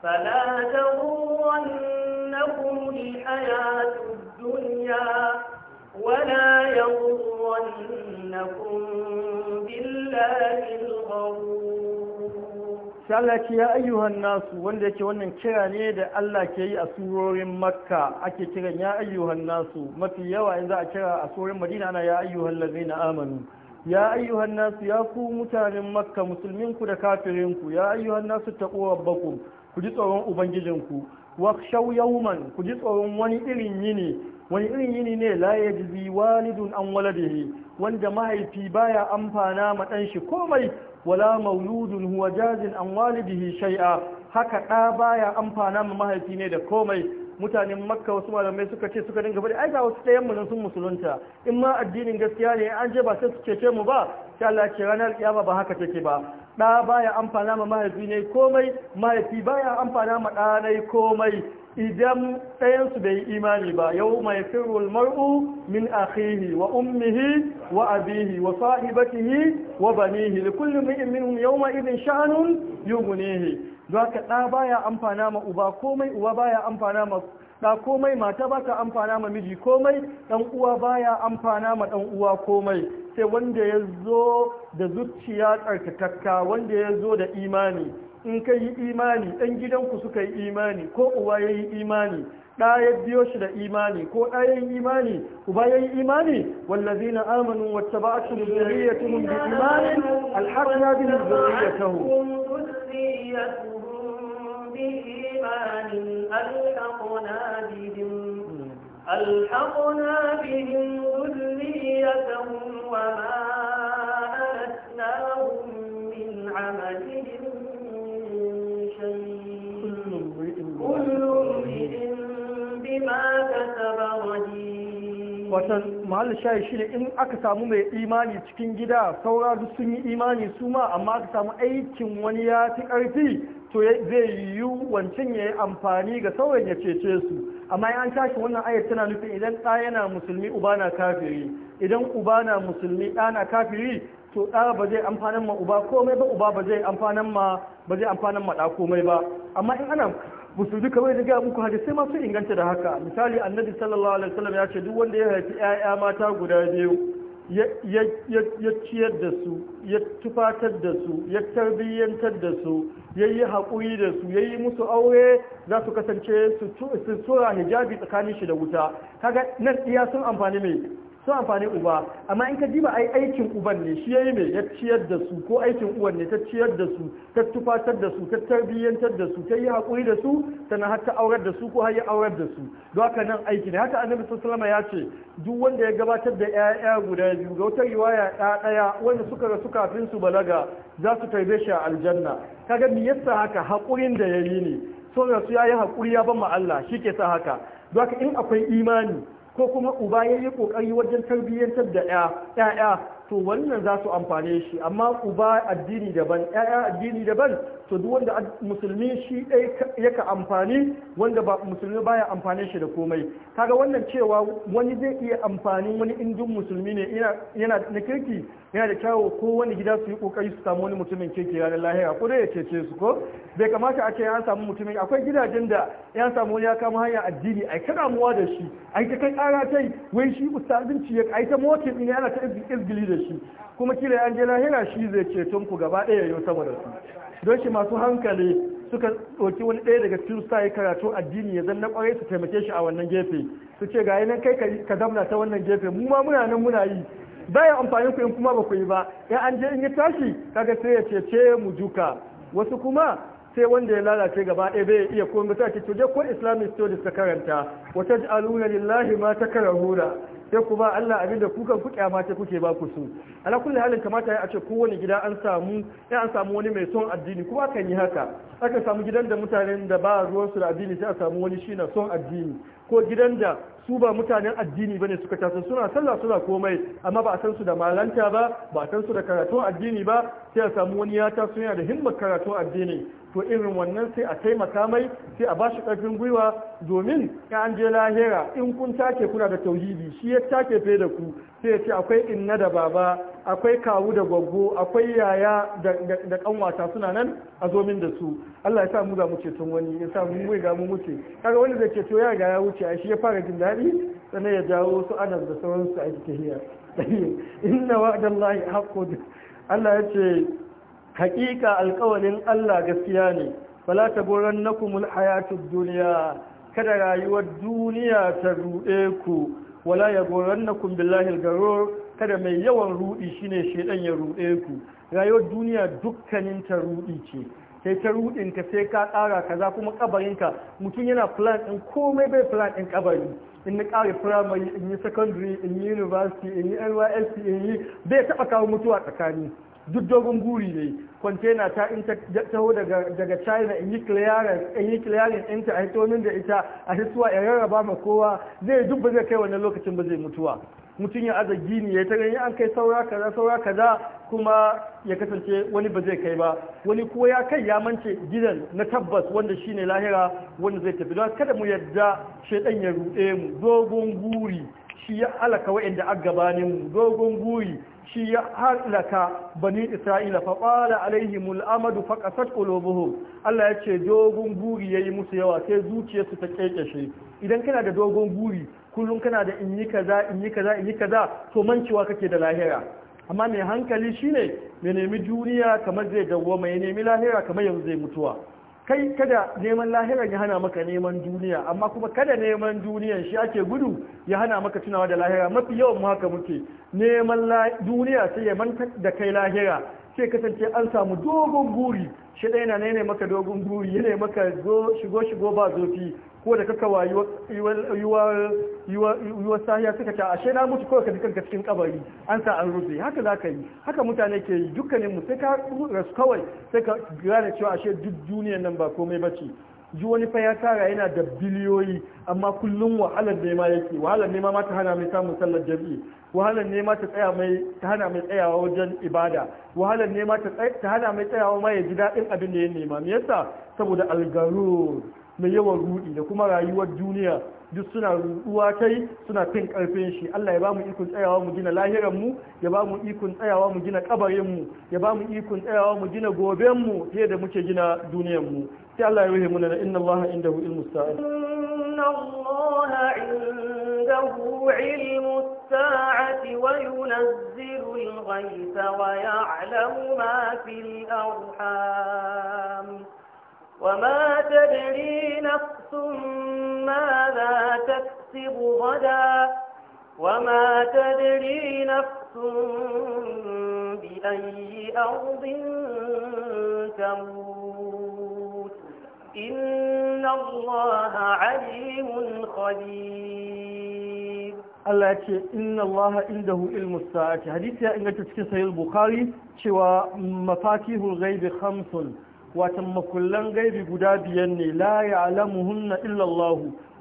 فلا تغرنكم الحياة الدنيا ولا يغرنكم بالله الغرور sai Allah ce ya ayyuhan nasu wanda yake wannan kira ne da Allah ke yi a surorin makka ake kiran ya ayyuhan nasu mafi yawa in za a kira a surorin madina ana ya ayyuhan lazina amanu ya ayyuhan nasu ya ku mutanen makka musulminku da kafirinku ya ayyuhan nasu taqu ku ji tsoron ku wa shau yawman ku ji tsoron wani irin yini wani irin yini ne la jizi walidun an waladihi wanda mahaifi baya amfana ma dan shi komai wala mauludun huwa jazin an walidihi shay'a haka ɗa baya amfana ma mahaifi ne da komai mutanen makka wasu malamai suka ce suka dinga faɗi ai ga wasu ɗayan mu sun musulunta in ma addinin gaskiya ne an je ba sai su cece mu ba sai Allah ce ranar kiyama ba haka take ba ɗa baya amfana ma mahaifi ne komai mahaifi baya amfana ma ɗa komai idan ɗayansu bai yi imani ba yau mai firul mar'u min akhihi wa ummihi wa abihi wa sahibatihi wa banihi li kulli mri'in minhum yawma idhin sha'nun yughnihi zaka ɗa baya amfana ma uba komai uba baya amfana ma ɗa komai mata baka amfana ma miji komai ɗan uwa baya amfana ma ɗan uwa komai sai wanda ya zo da zuciya tsarkakakka wanda ya zo da imani in ka yi imani ɗan gidanku suka yi imani ko uwa ya yi imani ɗa ya biyo shi da imani ko ɗa ya yi imani uba ya yi imani wallazi na amanu wacce ba a cikin zuriyatuhum bi imanin alharna bihim zuriyatahum بإيمان ألحقنا بهم بهم ذريتهم وما من عملهم wata mahallin shayi shi ne in aka samu mai imani cikin gida saura duk sun yi imani su ma amma aka samu aikin wani ya fi ƙarfi to zai yiwu wancan ya yi amfani ga sauran ya cece su amma an tashi wannan ayar tana nufin idan ɗa yana musulmi uba na kafiri idan uba na musulmi ɗa na kafiri to ɗa ba zai amfanin ma uba komai ba uba ba zai amfanin ma ba zai amfanin ma ɗa komai ba amma in ana musulmi kamar da ga muku ma masu inganta da haka misali annabi sallallahu alaihi wasallam ya ce duk wanda ya haifi ƴaƴa mata guda biyu ya ciyar da su ya tufatar da su ya tarbiyyantar da su ya yi haƙuri da su ya yi musu aure za su kasance su tura hijabi tsakanin shi da wuta kaga nan iya sun amfani mai sun amfani uba amma in ka diba ai aikin uban ne shi yayi mai ya ciyar da su ko aikin uwan ne ta ciyar da su ta tufatar da su ta tarbiyyantar da su ta yi hakuri da su sannan har ta aurar da su ko har ya aurar da su don haka nan aiki ne haka annabi sallallahu ya ce duk wanda ya gabatar da ƴaƴa guda biyu ga wata riwaya ɗaya ɗaya wanda suka rasu kafin su balaga za su tarbe shi a aljanna kaga me yasa haka hakurin da yayi ne so su yayi hakuri ya ban ma Allah shi ke sa haka don haka in akwai imani ko kuma uba ya yi kokari wajen tarbiyyantar da ƴaƴa to wannan za su amfane shi amma uba addini daban ƴaƴa addini daban to duk wanda musulmi shi ɗaya yaka amfani wanda ba musulmi baya amfanin shi da komai kaga wannan cewa wani zai iya amfani wani indin musulmi ne yana na kirki yana da kyawo ko wani gida su yi kokari su samu wani mutumin kirki ranar lahira ko dai ya cece su ko bai kamata a ce ya samu mutumin akwai gidajen da ya samu wani ya kama hanya addini ai ka damuwa da shi ai ta kai kara tai wai shi ustazinci ya ai ta motin ne ana ta izgili da shi kuma kila an je lahira shi zai ceton ku gaba ɗaya yau saboda su don shi masu hankali suka ɗauki wani ɗaya daga cikin sa ya karatu addini ya zanna ƙwarai su taimake shi a wannan gefe su ce ga yanar kai ka zamna ta wannan gefe mu ma muna nan muna yi bayan amfani ku in kuma ba ku yi ba ya an je in yi tashi kaga sai ya cece mu duka wasu kuma sai wanda ya lalace gaba ɗaya bai iya komai ta ce to je ko islamic studies ka karanta wata ja'aluna lillahi ma ta takrahuna sai kuma Allah abin da kukan ku kyama sai kuke ba ku su ala kulli halin kamata ya ce kowane gida an samu sai an samu wani mai son addini kuma kan yi haka aka samu gidan da mutanen da ba ruwan su da addini sai a samu wani shi na son addini ko gidan da su ba mutanen addini bane suka tasa suna sallah suna komai amma ba a san su da malanta ba ba a san su da karatun addini ba sai a samu wani ya taso yana da himmar karatun addini to irin wannan sai a taimaka mai sai a bashi karfin gwiwa domin ya an je lahira in kun take kuna da tauhidi shi ya take fe da ku sai ya ce akwai inna da baba akwai kawu da gwaggo akwai yaya da kanwata suna nan a zomin da su Allah ya sa mu ga mu ceton wani ya sa mu ga mu kaga wani da ceto ya ga ya wuce a shi ya fara jin daɗi sannan ya jawo su anas da sauransu a cikin hiyar (laughs) inna wa'dallahi haqqud Allah ya ce haƙiƙa alƙawarin Allah gaskiya ne fala taburannakumul hayatud duniya. kada rayuwar duniya ta ruɗe ku wala ya na billahi garur kada mai yawan ruɗi shine shedan ya ruɗe ku rayuwar duniya dukkanin ta ruɗi ce sai ta ruɗin ka sai ka ƙara kaza kuma ƙabarinka. mutum yana plan ɗin komai bai plan ɗin kabari in na kare primary in yi secondary in yi university in yi nysc in yi bai taɓa kawo mutuwa tsakani duk dogon guri ne kwantena ta in ta taho daga china in yi clearing in ta a hitonin da ita a hituwa ya rarraba ma kowa zai duk ba zai kai wannan lokacin ba zai mutuwa mutum ya aza gini ya ta ganin an kai saura kaza saura kaza kuma ya kasance wani ba zai kai ba wani kuwa ya kai ya mance gidan na tabbas wanda shine lahira wanda zai tafi don kada mu yadda shaidan ya ruɗe mu dogon guri shi ya halaka waɗanda a gabanin dogon guri shi ya halaka bani isra'ila fa alaihi alaihim Amadu fa qasat qulubuhum Allah ya ce dogon guri yayi musu yawa sai zuciyarsu ta kekeshe idan kana da dogon guri kullum kana da in yi kaza in yi kaza in yi kaza to mancewa kake da lahira amma mai hankali shine ya nemi duniya kamar zai dawo ya nemi lahira kamar yanzu zai mutuwa kai kada neman lahiran ya hana maka neman duniya amma kuma kada neman duniyan shi ake gudu ya hana maka tunawa da lahira mafi yawan mu muke neman duniya sai ya manta da kai lahira sai kasance an samu dogon guri shi ɗaya na maka dogon guri yana maka shigo shigo ba zofi ko da kaka wa yiwuwar sahiya suka ta ashe na mutu kawai ka kanka cikin kabari an sa an rufe haka za ka yi haka mutane ke yi dukkaninmu sai ka rasu kawai sai ka gane cewa ashe duk duniyan nan ba komai ba ce ji wani fa ya tara yana da biliyoyi amma kullum wahalar nema yake wahalar nema ma ta hana mai samun sallar jami'i wahalar nema ta tsaya mai ta hana mai tsayawa wajen ibada wahalar nema ta ta hana mai tsayawa ma ya ji daɗin abin da ya nema me yasa saboda algarur mai yawan rudi da kuma rayuwar duniya duk suna ruduwa kai suna fin karfin shi Allah ya ba mu ikon tsayawa mu gina lahiran mu ya ba mu ikon tsayawa mu gina kabarin mu ya ba mu ikon tsayawa mu gina goben mu fiye da muke gina duniyar mu تعالى إن الله عنده علم الساعة إن الله عنده علم الساعة وينزل الغيث ويعلم ما في الأرحام وما تدري نفس ماذا تكسب غدا وما تدري نفس بأي أرض تموت إن الله عليم خبير Allah ya ce inna Allah indahu ilmu sa'ati hadisi ya inganta cikin sahih bukhari cewa mafatihul ghaibi khamsun watan makullan gaibi guda biyan ne la ya'lamuhunna illa Allah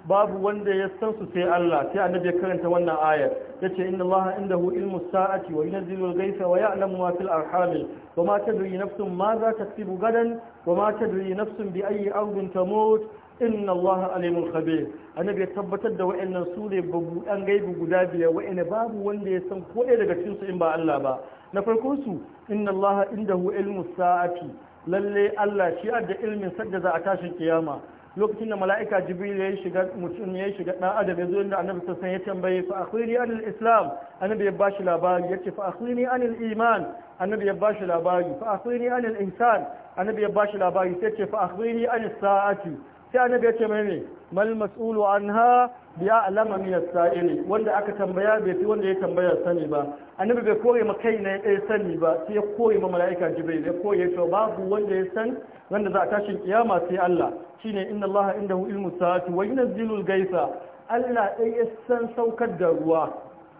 babu wanda ya san su sai Allah sai annabi ya karanta wannan ayar yace inna Allah indahu ilmu sa'ati wa yunzilu al-ghaytha wa ya'lamu ma fil arham wa ma tadri nafsun ma za taksubu gadan wa ma tadri nafsun bi ayyi ardin tamut inna Allah alimul khabir annabi ya tabbatar da wa'annan sure babu dan gaibi guda biyar wa'anne babu wanda ya san ko ɗaya daga cikin su in ba Allah ba na farko su inna Allah indahu ilmu sa'ati lalle Allah shi da ilmin sadda za a tashin kiyama lokacin da mala'ika jibril ya shiga mutum ya shiga dan adam ya zo inda annabi sassan ya tambaye fa akhbirni anil islam annabi ya bashi labari yace fa akhbirni anil iman annabi ya bashi labari fa akhbirni anil ihsan annabi ya bashi labari sai ce fa akhbirni anis sa'ati sai annabi ya ce mene mal mas'ulu anha bi a'lama min as-sa'il wanda aka tambaya bai fi wanda ya tambaya sani ba annabi bai kore ma kai ne ya sani ba sai ya kore ma mala'ika jibril ya kore to babu wanda ya san wanda za a tashin kiyama sai Allah shine inna Allah indahu ilmu sa'ati wa yunzilul gaisa Allah dai ya san saukar da ruwa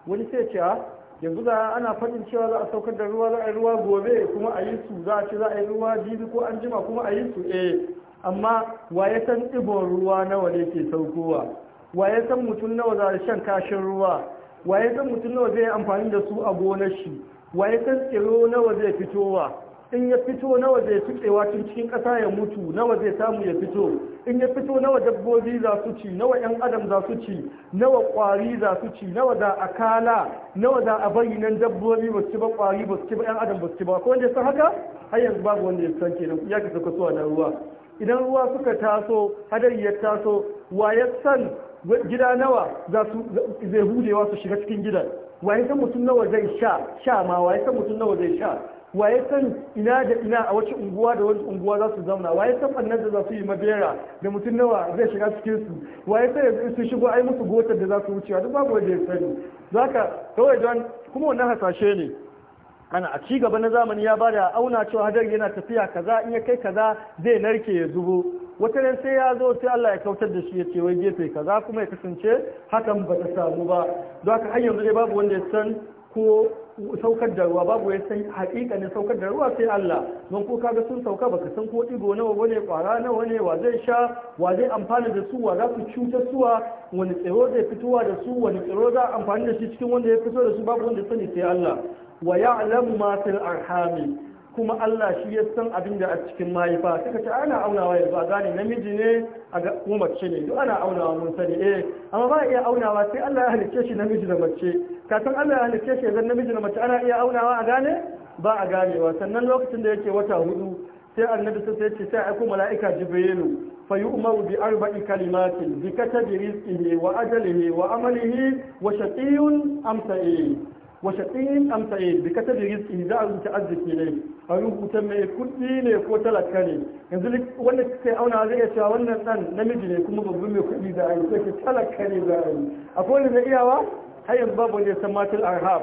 wani sai ce ah, yanzu da ana fadin cewa za a saukar da ruwa za a yi ruwa gobe kuma a yi su za a ce za a yi ruwa jibi ko anjima kuma a yi su eh amma wa ya san ibon ruwa nawa ne ke saukowa wa ya san mutum nawa za a shan kashin ruwa wa ya san mutum nawa zai amfani da su a gonar shi wa ya san tsiro nawa zai fitowa in ya fito nawa zai tutsewa tun cikin ƙasa ya mutu nawa zai samu ya fito in ya fito nawa dabbobi za su ci nawa 'yan adam za su ci nawa ƙwari za su ci nawa za a kala nawa za a bari nan dabbobi ba su ci ba ƙwari ba su ci ba 'yan adam ba su ci ba ko wanda ya san haka har yanzu babu wanda ya san kenan ya ka sauka na ruwa idan ruwa suka taso hadari ya taso wa ya san gida nawa za su zai hudewa su shiga cikin gidan wa ya san mutum nawa zai sha sha ma wa ya san mutum nawa zai sha waye san ina da ina a wace unguwa da wace unguwa za su zauna waye san annan da za su yi mabera da mutum nawa zai shiga cikin su waye san su shigo ai musu gotar da za su wucewa duk babu wanda ya sani zaka kawai don kuma wannan hasashe ne ana a ci gaba na zamani ya bada auna cewa hadari yana tafiya kaza in ya kai kaza zai narke ya zubo wata ran sai ya zo sai Allah ya kautar da shi ya ce wai gefe kaza kuma ya kasance hakan ba ta samu ba don haka har yanzu dai babu wanda ya san ko saukar da ruwa babu ya san ne saukar da ruwa sai Allah don ko kaga sun sauka baka san ko digo nawa wane, kwara nawa ne wa zai sha wa zai amfana da su wa za su cuta suwa wani tsiro zai fitowa da su wani tsiro za amfani da shi cikin wanda ya fito da su babu wanda sani sai Allah wa ya'lamu ma fil arhami kuma Allah shi ya san abin da a cikin mahaifa suka ta ana aunawa yanzu a gane namiji ne a ga kuma mace ne duk ana aunawa mun sani eh amma ba iya aunawa sai Allah ya halicce shi namiji da mace kasan Allah ya halicce shi zan namiji da mace ana iya aunawa a gane ba a ganewa sannan lokacin da yake wata hudu sai annabi sai ya ce sai aiko mala'ika jibrilu fa yu'maru bi arba'i kalimatin bi katabi rizqihi wa ajalihi wa amalihi wa shaqiyyun am sa'id wa shaqiyyun am sa'id bi katabi rizqihi za a rubuta arziki ne a rubuta mai kuɗi ne ko talaka ne yanzu wanda sai auna zai iya cewa wannan dan namiji ne kuma babban mai kuɗi za a yi sai talaka ne za a yi akwai wanda zai iyawa har yanzu babu wanda ya san matul arham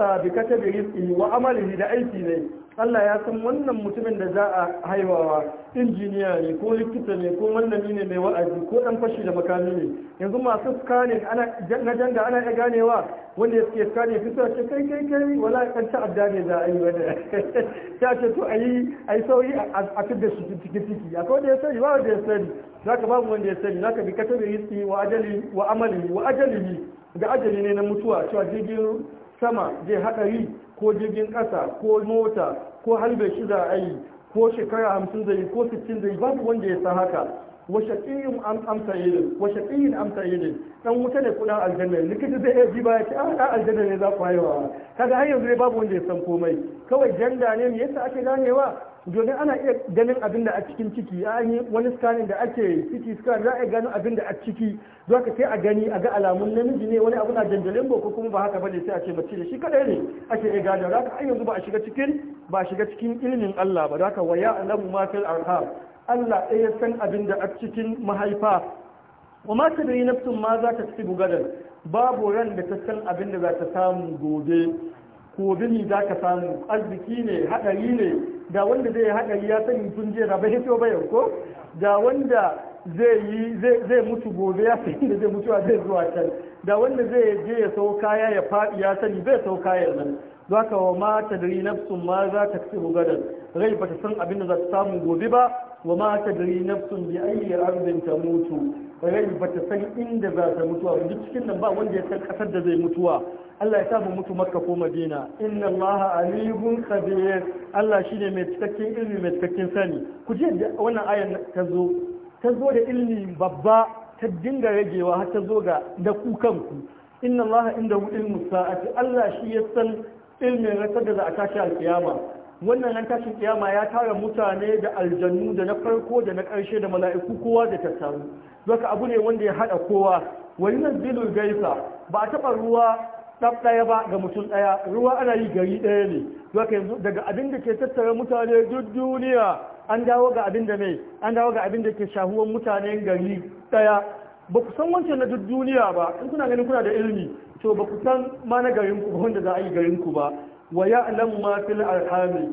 ah, bi katabi rizqi wa amalihi da aiki ne Allah ya san wannan mutumin da za a haihuwa. injiniya ne ko likita ne ko mallami ne mai wa'azi ko dan fashi da makami ne yanzu masu scanning ana na janga ana ya ganewa wanda ya suke scanning fi sa ce kai kai kai wala kan ta'adda ne za a yi wanda ta (laughs) ce to a yi sauri a fitar da shi ciki ciki akwai da ya sani ba wanda ya sani za ka babu wanda ya sani zaka bi katabi rizqi wa ajali wa amali wa ajalihi da ajali ne na mutuwa cewa jirgin sama zai haɗari ko jirgin ƙasa ko mota ko halbe shi za a yi ko shekara hamsin zai ko sittin zai babu wanda ya san haka washe ƙiyin amsa irin washe ƙiyin amsa dan wuta ne kuɗin aljanna likita zai iya ji baya ce a ah, ɗan aljanna ne za ku haihuwa kaga har yanzu ne babu wanda ya san komai kawai janda ne me yasa ake ganewa domin ana iya ganin abin da a cikin ciki an yi wani scanning da ake ciki scan za a gano abin da a ciki za ka sai a gani a ga alamun namiji ne wani abu na janjalin ko kuma ba haka bane sai a ce mace da shi kadai ne ake iya gano za ka yanzu ba a shiga cikin ba a shiga cikin ilimin Allah ba za ka waya alamu ma fil arham Allah ɗaya san abin da a cikin mahaifa wa ma tadri nafsun ma za ta ci gadan babu ran da ta san abin da za ta samu gobe gobe ne za ka samu arziki ne haɗari ne da wanda zai haɗari ya sani tun jiya da bai hito ba ko da wanda zai mutu gobe ya sani da zai a zai zuwa can da wanda zai je ya sau kaya ya faɗi ya sani bai sau kaya nan zaka wa mata tadri nafsun ma za ta kasu gadan rai ta san abin da za ta samu gobe ba wa mata tadri nafsun bi ayyi ardin tamutu rai ta san inda za ta mutuwa duk cikin nan ba wanda ya san kasar da zai mutuwa Allah ya sa mu mutu Makka ko Madina inna Allah alimun khabir Allah shine mai cikakken ilimi mai cikakken sani ku ji wannan ayan ta zo ta zo da ilimi babba ta dinga ragewa har ta zo ga da ku kanku inna Allah inda ilmu sa'ati Allah shi ya san ilmin rasar da za a tashi alkiyama wannan nan tashin kiyama ya tara mutane da aljannu da na farko da na karshe da mala'iku kowa da tattaru zaka abu ne wanda ya haɗa kowa wani nan zilul gaisa ba a taɓa ruwa ɗaf ɗaya ba ga mutum ɗaya ruwa ana yi gari ɗaya ne zaka yanzu daga abin da ke tattara mutane duk duniya an dawo ga abin da mai an dawo ga abin da ke shahuwan mutane gari ɗaya ba ku san wancan na duk duniya ba in kuna ganin kuna da ilimi to ba ku san ma na garin ba wanda za a yi garin ku ba wa ya alam ma fil arhami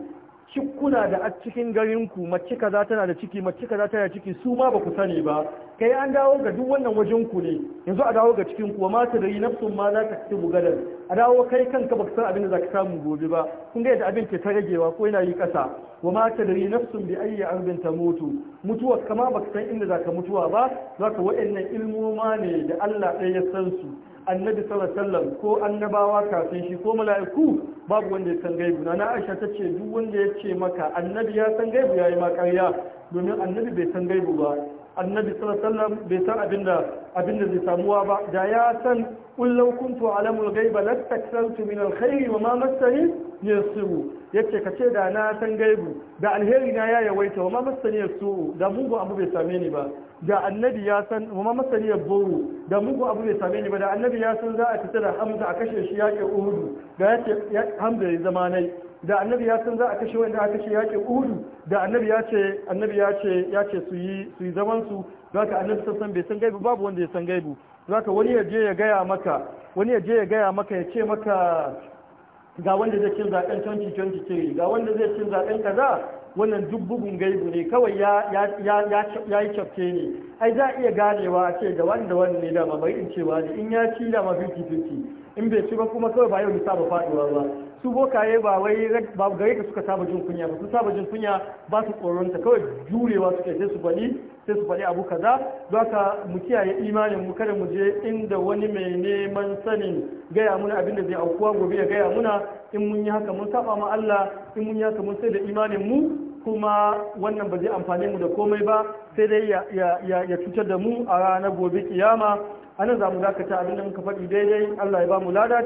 shi kuna da a cikin garin mace kaza tana da ciki mace kaza tana da ciki su ma ba ku sani ba kai an dawo ga duk wannan wajen ku ne yanzu a dawo ga cikin ku wa ma ta dari nafsun ma za ta ci bugadan a dawo kai kanka baka san abin da zaka samu gobe ba kun ga yadda abin ke ta ragewa ko yana yi kasa wa ma dari nafsun bi ayyi ardin tamutu mutuwa kama baka san inda zaka mutuwa ba zaka wa'annan ilmoma ne da Allah ɗaya ya san su annabi sallallahu alaihi ko annabawa kafin shi ko mala'iku babu wanda ya san gaibu na Aisha tace duk wanda ya ce maka annabi ya san gaibu yayi ma ƙarya domin annabi bai san gaibu ba annabi sallallahu alaihi bai san abinda abinda zai samuwa ba da ya san قل لو كنت أعلم الغيب لاستكثرت من الخير وما مسني يسوء yace kace da na san gaibu da alheri na ya yawaita wa ma masani yasu da mugu abu bai same ni ba da annabi ya san wa ma masani yabu da mugu abu bai same ni ba da annabi ya san za a fita da hamza a kashe shi yake uhudu da yace hamza ya zama nai da annabi ya san za a kashe wanda aka kashe yake uhudu da annabi ya ce annabi ya ce ya ce su yi su yi zaman su ka annabi san bai san gaibu babu wanda ya san gaibu zaka wani ya je ya gaya maka wani ya je ya gaya maka ya ce maka ga wanda zai cin zaben 2023 ga wanda zai cin zaben kaza wannan duk bugun gaibu ne kawai ya yi cafke ne ai za a iya ganewa a ce da wanda wanda ne dama bai in cewa ne in ya ci dama 50-50 in bai ci ba kuma kawai ba yau nisa ba faduwa ba su bokaye ba wai ba gare ka suka saba jin kunya ba su saba jin kunya ba su tsoronta kawai jurewa suke sai su faɗi sai su faɗi abu kaza don ka mu kiyaye imanin mu kada mu je inda wani mai neman sanin gaya muna abin da zai aukuwa gobe ya gaya muna in mun yi haka mun saba ma Allah in mun yi haka mun sai da imanin mu kuma wannan ba zai amfane mu da komai ba sai dai ya cutar da mu a ranar gobe kiyama anan za mu dakata abin da muka faɗi daidai Allah ya ba mu lada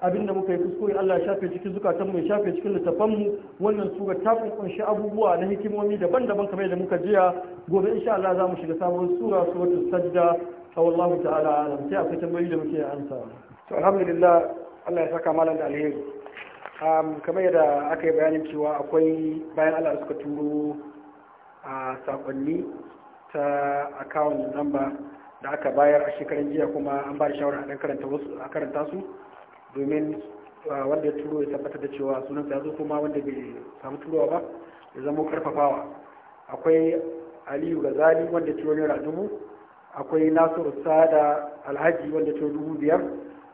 abinda muka yi kuskure Allah ya shafe cikin zukatan mu ya shafe cikin littafan mu wannan sura ta kunshi abubuwa na hikimomi daban-daban kamar yadda muka jiya gobe insha Allah za mu shiga sabon sura suratul sajda wallahu ta'ala alam sai akwai tambayoyi da muke ansa to alhamdulillah Allah ya saka malam da alheri kamar yadda aka yi bayanin cewa akwai bayan Allah suka turo a sakonni ta account number da aka bayar a shekaran jiya kuma an ba da shawara a karanta su domin wanda ya turo ya tabbatar da cewa sunan ya zo kuma wanda bai samu turowa ba ya zama karfafawa akwai aliyu gazali wanda turo ne dubu akwai nasiru sada alhaji wanda turo dubu biyar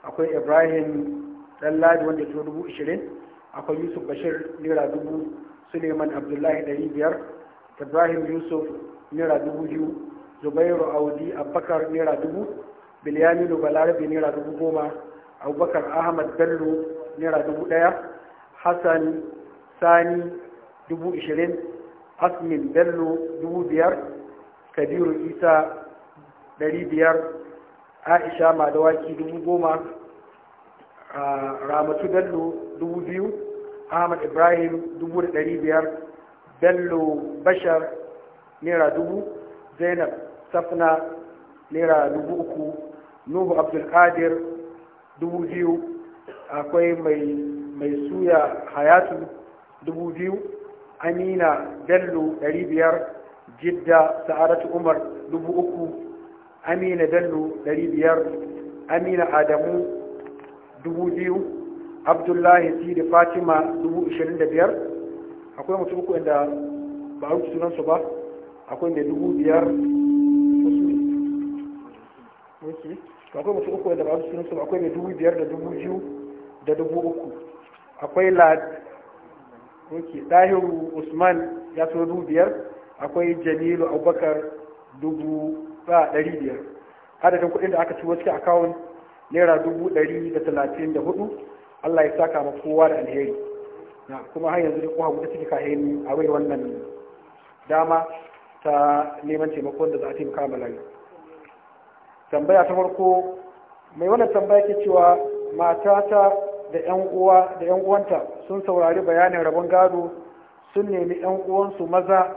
akwai ibrahim ɗanladi wanda turo dubu ishirin. akwai yusuf bashir naira dubu suleiman abdullahi ɗari biyar ibrahim yusuf naira dubu biyu zubairu audi abubakar naira dubu bilyaminu balarabe naira dubu goma abubakar ahmad bello naira dubu ɗaya hassan sani dubu ishirin asmin bello dubu biyar kabiru isa dari biyar aisha madawaki dubu goma ramatu bello dubu biyu ahmad ibrahim dubu da dari biyar bello bashar naira dubu zainab safna naira dubu uku nuhu abdulkadir dubu biyu akwai mai suya hayatu dubu biyu amina bello ɗari biyar jidda sa'adatu umar dubu uku amina bello ɗari biyar amina adamu dubu biyu abdullahi sidi fatima dubu ishirin da biyar akwai mutum uku inda ba a rufe sunansu ba akwai mai dubu biyar to akwai mutum uku da ba su sunan su akwai mai dubu biyar da dubu biyu da dubu uku akwai lad oke dahiru usman ya so dubu biyar akwai jamilu abubakar dubu ba ɗari biyar adadin kuɗin da aka ciwo cikin akawun naira dubu ɗari da talatin da hudu allah ya saka ma kowa da alheri Na kuma har yanzu da kowa guda cikin kayan a wai wannan dama ta neman taimakon da za a taimaka malayu tambaya ta farko mai wannan tambaya ke cewa matata da yan uwa da yan uwanta sun saurari bayanin rabon gado sun nemi yan uwansu maza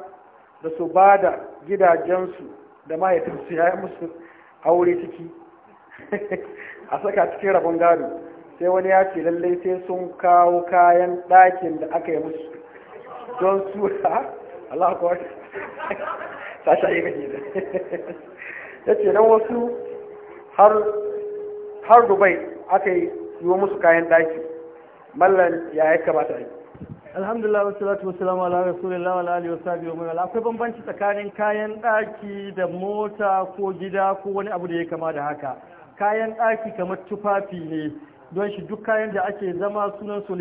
da su ba da gidajensu da mahaifinsu ya yi musu aure ciki (laughs) a saka cikin rabon gado sai wani ya ce lallai sai sun kawo kayan ɗakin da aka yi musu don su ha Allah kawai sasha yi gaji da (laughs) ya ce nan wasu har dubai aka yi yi musu kayan daki mallan ya ya kamata yi alhamdulillah wasu salatu wasu salamu ala rasulillah wa alihi wa sahbihi wa man akwai bambanci tsakanin kayan daki da mota ko gida ko wani abu da ya kama da haka kayan daki kamar tufafi ne don shi duk kayan da ake zama sunan su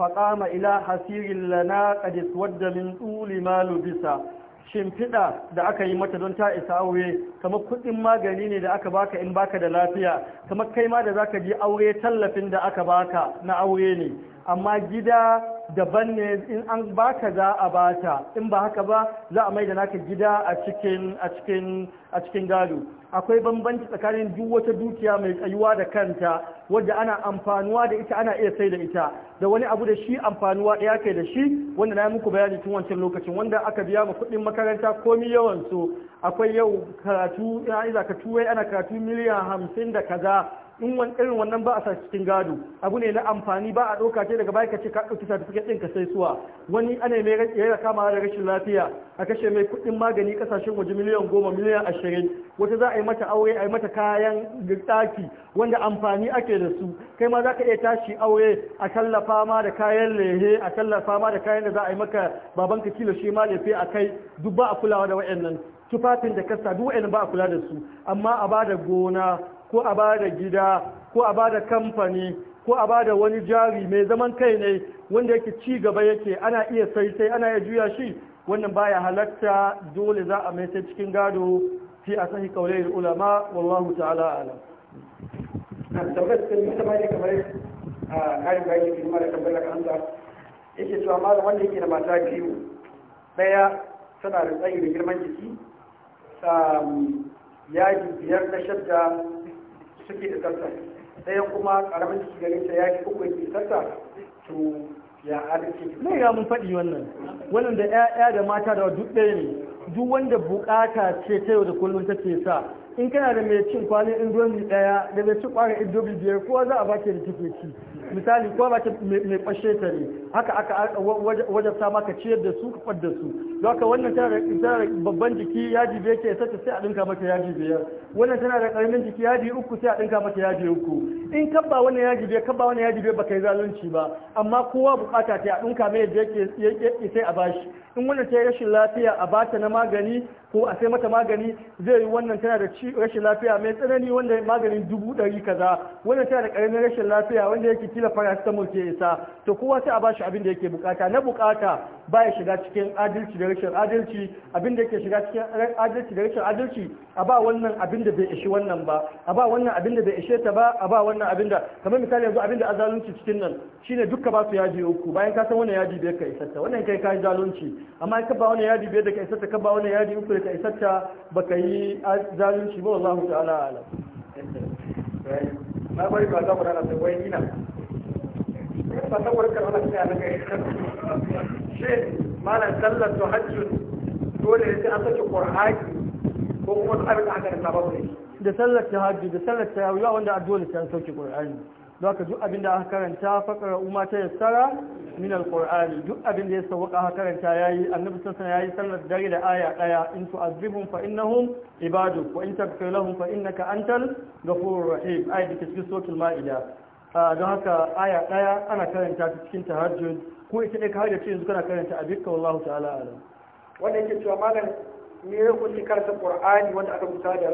faƙama ila hasirin lana ƙadis wadda min tsuli malu bisa shimfiɗa da aka yi mata don ta isa aure kamar kuɗin magani ne da aka baka in baka da lafiya kamar kai ma da zaka ji aure tallafin da aka baka na aure ne amma gida daban ne in an baka za a bata in ba haka ba za a mai da naka gida a cikin a a cikin gado akwai bambanci tsakanin duk wata dukiya mai tsayuwa da kanta wadda ana amfanuwa da ita ana iya sai da ita da wani abu da shi amfanuwa ɗaya kai da shi wanda na yi muku bayani tun wancan lokacin wanda aka biya ma kuɗin makaranta komi yawan su akwai yau karatu ina iza ka turai ana karatu miliyan hamsin da kaza in wani irin wannan ba a sa cikin gado abu ne na amfani ba a ɗauka ce daga baya ka ce ka ɗauki certificate ɗin ka sai suwa wani ana mai rage kama da rashin lafiya a kashe mai kuɗin magani ƙasashen waje miliyan goma miliyan ashirin wata za a yi mata aure a yi mata kayan ɗaki wanda amfani ake da su kai ma za ka iya tashi aure a tallafa ma da kayan lehe a tallafa ma da kayan da za a yi maka babanka kilo shi ma lefe a kai duk ba a kulawa da wayannan tufafin da kasa duk wayannan ba a kula da su amma a bada gona ko a bada gida ko a bada kamfani ko a bada wani jari mai zaman kai ne wanda yake ci gaba yake ana iya sai sai ana iya juya shi wannan baya halatta dole za a mai sai cikin gado في أصح قولي الألماء والله تعالى أعلم ƙarin bayani wanda da biyu ɗaya tana da tsayi da girman jiki yaji biyar na shadda suke da sassa ɗayan kuma ƙaramin jiki gare ta yaji uku yake sassa to ya adalci ne ya mun faɗi wannan wannan da 'ya'ya da mata da duk ɗaya ne duk wanda bukata ce ta yau da kullum take sa in kana da mai cin kwanin indomi daya da mai cin kwanin indomi biyar kowa za a baki da kike ci misali kowa ba ta mai kwashe ta ne haka aka wajen sama ka ciyar da su ka kwadda su don haka wannan tana babban jiki yaji biyar ke sace sai a dinka maka yaji biyar wannan tana da karamin jiki yaji uku sai a dinka mata yaji uku in kabba wannan yaji bai kabba wannan yaji bai baka yi zalunci ba amma kowa bukata ta a dinka mai yadda yake sai a bashi in wannan ta rashin lafiya a bata na magani ko a sai mata magani zai yi wannan tana da rashin lafiya mai tsanani wanda maganin dubu ɗari kaza wannan tana da karamin rashin lafiya wanda yake kila paracetamol ke isa to kowa sai a bashi abin da yake bukata na bukata baya shiga cikin adalci da rashin adalci abin da yake shiga cikin adalci da rashin adalci a ba wannan abin abin da bai ishi wannan ba a ba wannan abin da bai ishe ta ba a ba wannan abin da kamar misali yanzu abin da azalunci cikin nan shine dukka ba su yaji uku bayan ka san wannan yaji bai ka isarta wannan kai ka zalunci amma ka ba wannan yaji bai da ka isarta ka ba wannan yaji uku da ka isarta ba ka yi zalunci ba wallahu ta'ala alam na bari ba za mu rana sai wai ina ba ta warkar wannan sai a daga shi malam sallar to dole sai an saki qur'ani ko kuma duk abin da aka rasa babu ne da sallar ta tahajjud da sallar ta yawa wanda a dole ta sauke qur'ani Zaka duk abin da aka karanta fakar umma ta yassara min alqur'ani duk abin da ya sauƙa aka karanta yayi annabi sallallahu alaihi wasallam yayi sallar dare da aya ɗaya, in tu'azzibhum fa innahum ibaduk wa in taghfir lahum fa innaka antal ghafurur rahim ayat da cikin suratul maida ah, don haka aya ɗaya ana karanta ta cikin tahajjud ko ita dai ka har da yanzu kana karanta abika wallahu ta'ala alam wannan yake cewa malam ya kunshi karanta qur'ani wanda aka rubuta da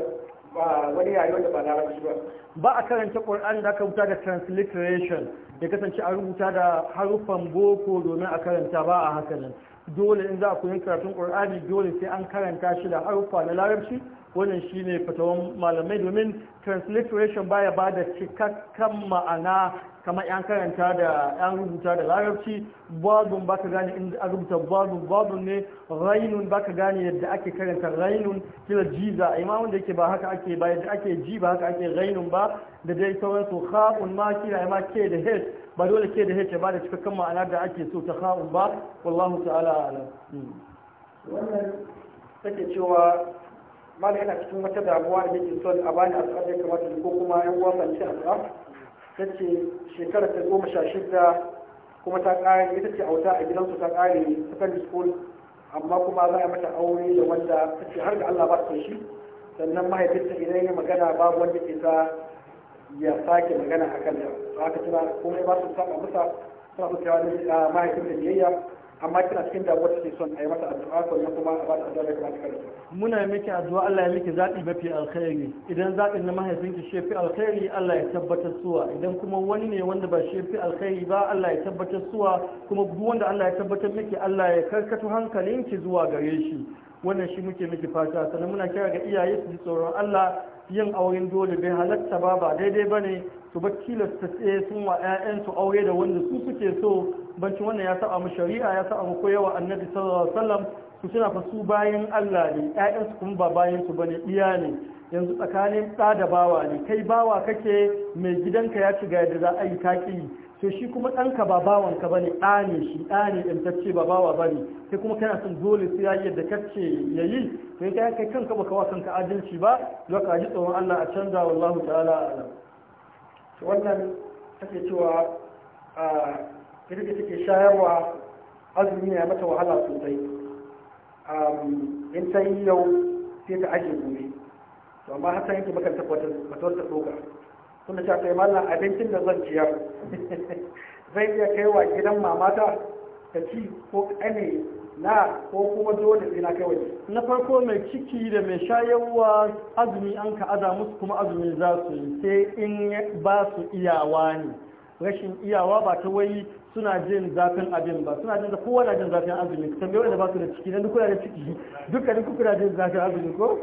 wani yayi wanda ba larabci ba ba a karanta qur'ani da aka rubuta da transliteration ya kasance a rubuta da harufan boko domin a karanta ba a hakanan dole in za a yi karatun qur'ani dole sai an karanta shi da harufa na larabci wannan shine fatawan malamai domin transliteration baya ba da cikakken ma'ana kamar yan karanta da yan rubuta da larabci babun baka gane in a rubuta babun babun ne rainun baka gane yadda ake karanta rainun kila jiza a imamun da yake ba haka ake ba yadda ake ji ba haka ake rainun ba da dai sauransu kha'un ma kila ma ke da h ba dole ke da h ba da cikakken ma'ana da ake so ta kha'un ba wallahu ta'ala alam hmm. wannan take cewa malam yana cikin wata damuwa da nake son a bani a tsare kamar ko kuma yan wasan ci a ta ce shekara ta goma sha shida kuma ta ƙare ita ce auta a gidansu ta ƙare secondary school amma kuma za a mata aure da wanda ta ce har ga Allah ba ta shi sannan mahaifinta idan ya magana babu wanda ke sa ya sake magana a kan da aka tuna kuma ba su saba musa suna su cewa ah, mahaifinta biyayya amma kina cikin damuwar take son a yi mata addu'a sannan kuma ba ta addu'a da kuma cikin muna miki addu'a Allah ya miki zaɓi mafi alkhairi idan zabin na mahaifinki shi fi alkhairi Allah ya tabbatar suwa idan kuma wani ne wanda ba shi fi alkhairi ba Allah ya tabbatar suwa kuma duk wanda Allah ya tabbatar miki Allah ya karkato hankalinki zuwa gare shi wannan shi muke miki fata sannan muna kira ga iyaye su ji tsoron Allah yin auren dole bai halatta ba ba daidai ba ne su ba tilasta tsaye sun wa 'ya'yansu aure da wanda su suke so banci wannan ya saba mu shari'a ya saba mu koyawa annabi sallallahu alaihi wasallam su suna fa su bayan Allah ne 'ya'yansu kuma ba bayan su bane iya ne yanzu tsakanin tsada da bawa ne kai bawa kake mai gidanka ya shiga yadda za a yi taƙi to shi kuma ɗanka ba bawanka ba ne ɗane shi ɗane ɗantacce ba bawa ba ne sai kuma kana son dole sai ya yi yadda kacce ya yi to ka kai kanka ba ka kanka adalci ba zuwa ka ji tsoron Allah a canza wallahu ta'ala alam to wannan take cewa a kirki take shayarwa azumi ne mata wahala sosai in ta yi yau sai ta ajiye gobe to amma har ta yanke bakar tabbatar ba ta doka. suna ta kai mallan abincin da zan ciyar zai iya kai wa gidan mamata ta ci ko kane na ko kuma dole sai na kai waje na farko mai ciki da mai shayarwa azumi an ka aza musu kuma azumi za su yi sai in ba su iyawa ne rashin iyawa ba ta wai suna jin zafin abin ba suna jin kowa na jin zafin azumi tambayoyin da ba su da ciki na duk kuna da ciki Dukkanin duk kuna jin zafin azumi ko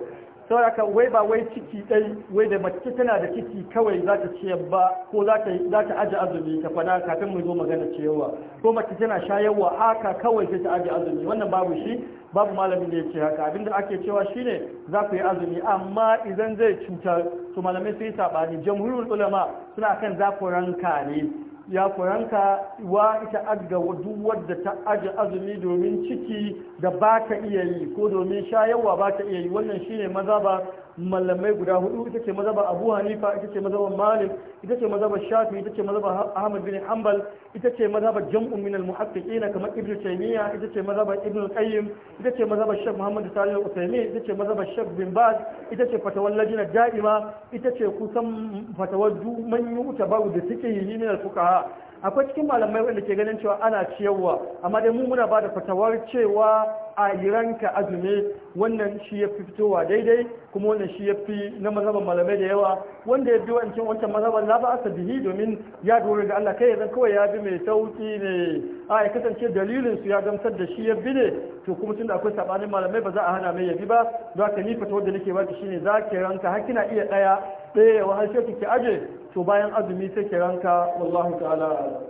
saboda wai ba wai ciki dai wai da mace tana da ciki kawai za ta ciyar ba ko za ta za azumi ta fada kafin mu zo magana ciyarwa ko mace tana shayarwa haka kawai sai ta aje azumi wannan babu shi babu malamin da ya ce haka abinda ake cewa shine za ku yi azumi amma idan zai cutar to malamai sai saɓani, jamhurul ulama suna kan za ku ranka ne ya koyanka wa ita adga duk wadda ta aji azumi domin ciki da baka iya yi ko domin shayarwa ba ka iya yi wannan shine maza ba Mallamai guda hudu ita ce mazhabar Abu Hanifa ita ce mazhabar Malik ita ce mazhabar Shafi ita ce mazhabar Ahmad bin Hanbal ita ce mazhabar jam'un min al-muhaqqiqina kamar Ibn Taymiyyah ita ce mazhabar Ibn Qayyim ita ce mazhabar Sheikh Muhammad Salih Al-Uthaymeen ita ce mazhabar Sheikh Bin Baz ita ce fatawar Lajnah Da'ima ita ce kusan fatawar duk manyu babu da suke yi min al-fuqaha akwai cikin malamai wanda ke ganin cewa ana ciyarwa amma dai mu muna ba da fatawar cewa a ranka azumi wannan shi ya fi fitowa daidai kuma wannan shi ya fi na mazhaban malamai da yawa wanda ya bi wancan wancan mazhaban la ba bihi domin ya dogara ga Allah kai yanzu kawai ya bi mai sauki ne a ya kasance dalilin su ya gamsar da shi ya bi ne to kuma tunda akwai sabanin malamai ba za a hana mai ya bi ba don haka ni fata wanda nake baki shine za ki ranka har kina iya daya daya wa har sai ki aje to bayan azumi sai ki ranka wallahu ta'ala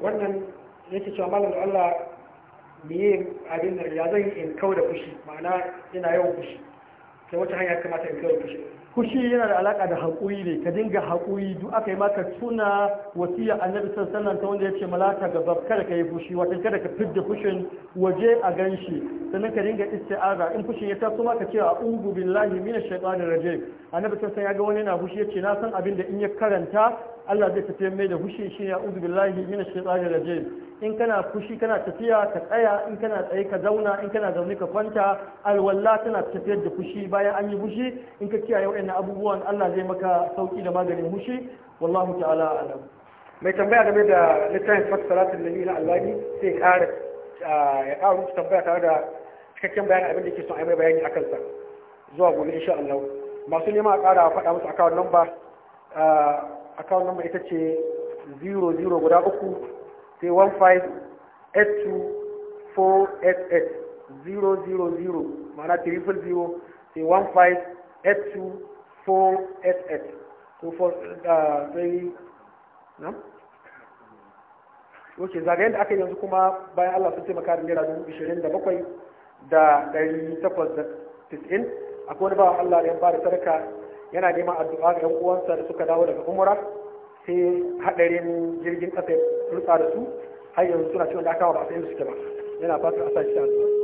wannan yake cewa malam Allah me abin da ya zan in kau da fushi ma'ana ina yawan fushi ta wata hanya kamata in kau kushi. fushi yana da alaka da haƙuri ne ka dinga haƙuri duk aka yi maka tuna wasiya annabi sallallahu ta wanda ya ce malata gaba kada ka yi fushi wata kada ka fidda fushin waje a ganshi sannan ka dinga isti'aza in fushin ya taso maka ce a ungu billahi minash shaitanir rajim annabi sallallahu ya ga wani na fushi ya ce na san abin da in ya karanta Allah zai tafi mai da fushi shi ne a'udhu billahi minash shaitanir rajim in kana fushi kana tafiya ka tsaya in kana tsaye ka zauna in kana zaune ka kwanta alwalla tana tafiyar da fushi bayan an yi fushi in ka kiyaye waɗannan abubuwan Allah zai maka sauki da maganin fushi wallahu ta'ala alam mai tambaya game da littafin fassaratul nabi na albani sai kare ya kawo muku tambaya tare da cikakken bayanin abin da ke son a mai bayani akan sa zuwa gobe insha Allah masu nema a kara faɗa musu akawun namba account number ita ce 00 guda uku sai 1582488 000 ma'ana triple zero sai 1582488 to for sai na ok zagayen da aka yanzu kuma bayan Allah sun taimaka da naira dubu ishirin da bakwai da ɗari akwai wani bawan Allah da ya ba da sadaka yana neman addu'a ga yan uwansa da suka dawo daga umra sai hadarin jirgin kasa ya rutsa da su har yanzu suna cewa da aka wa ba suke ba yana fatan a sa shi addu'a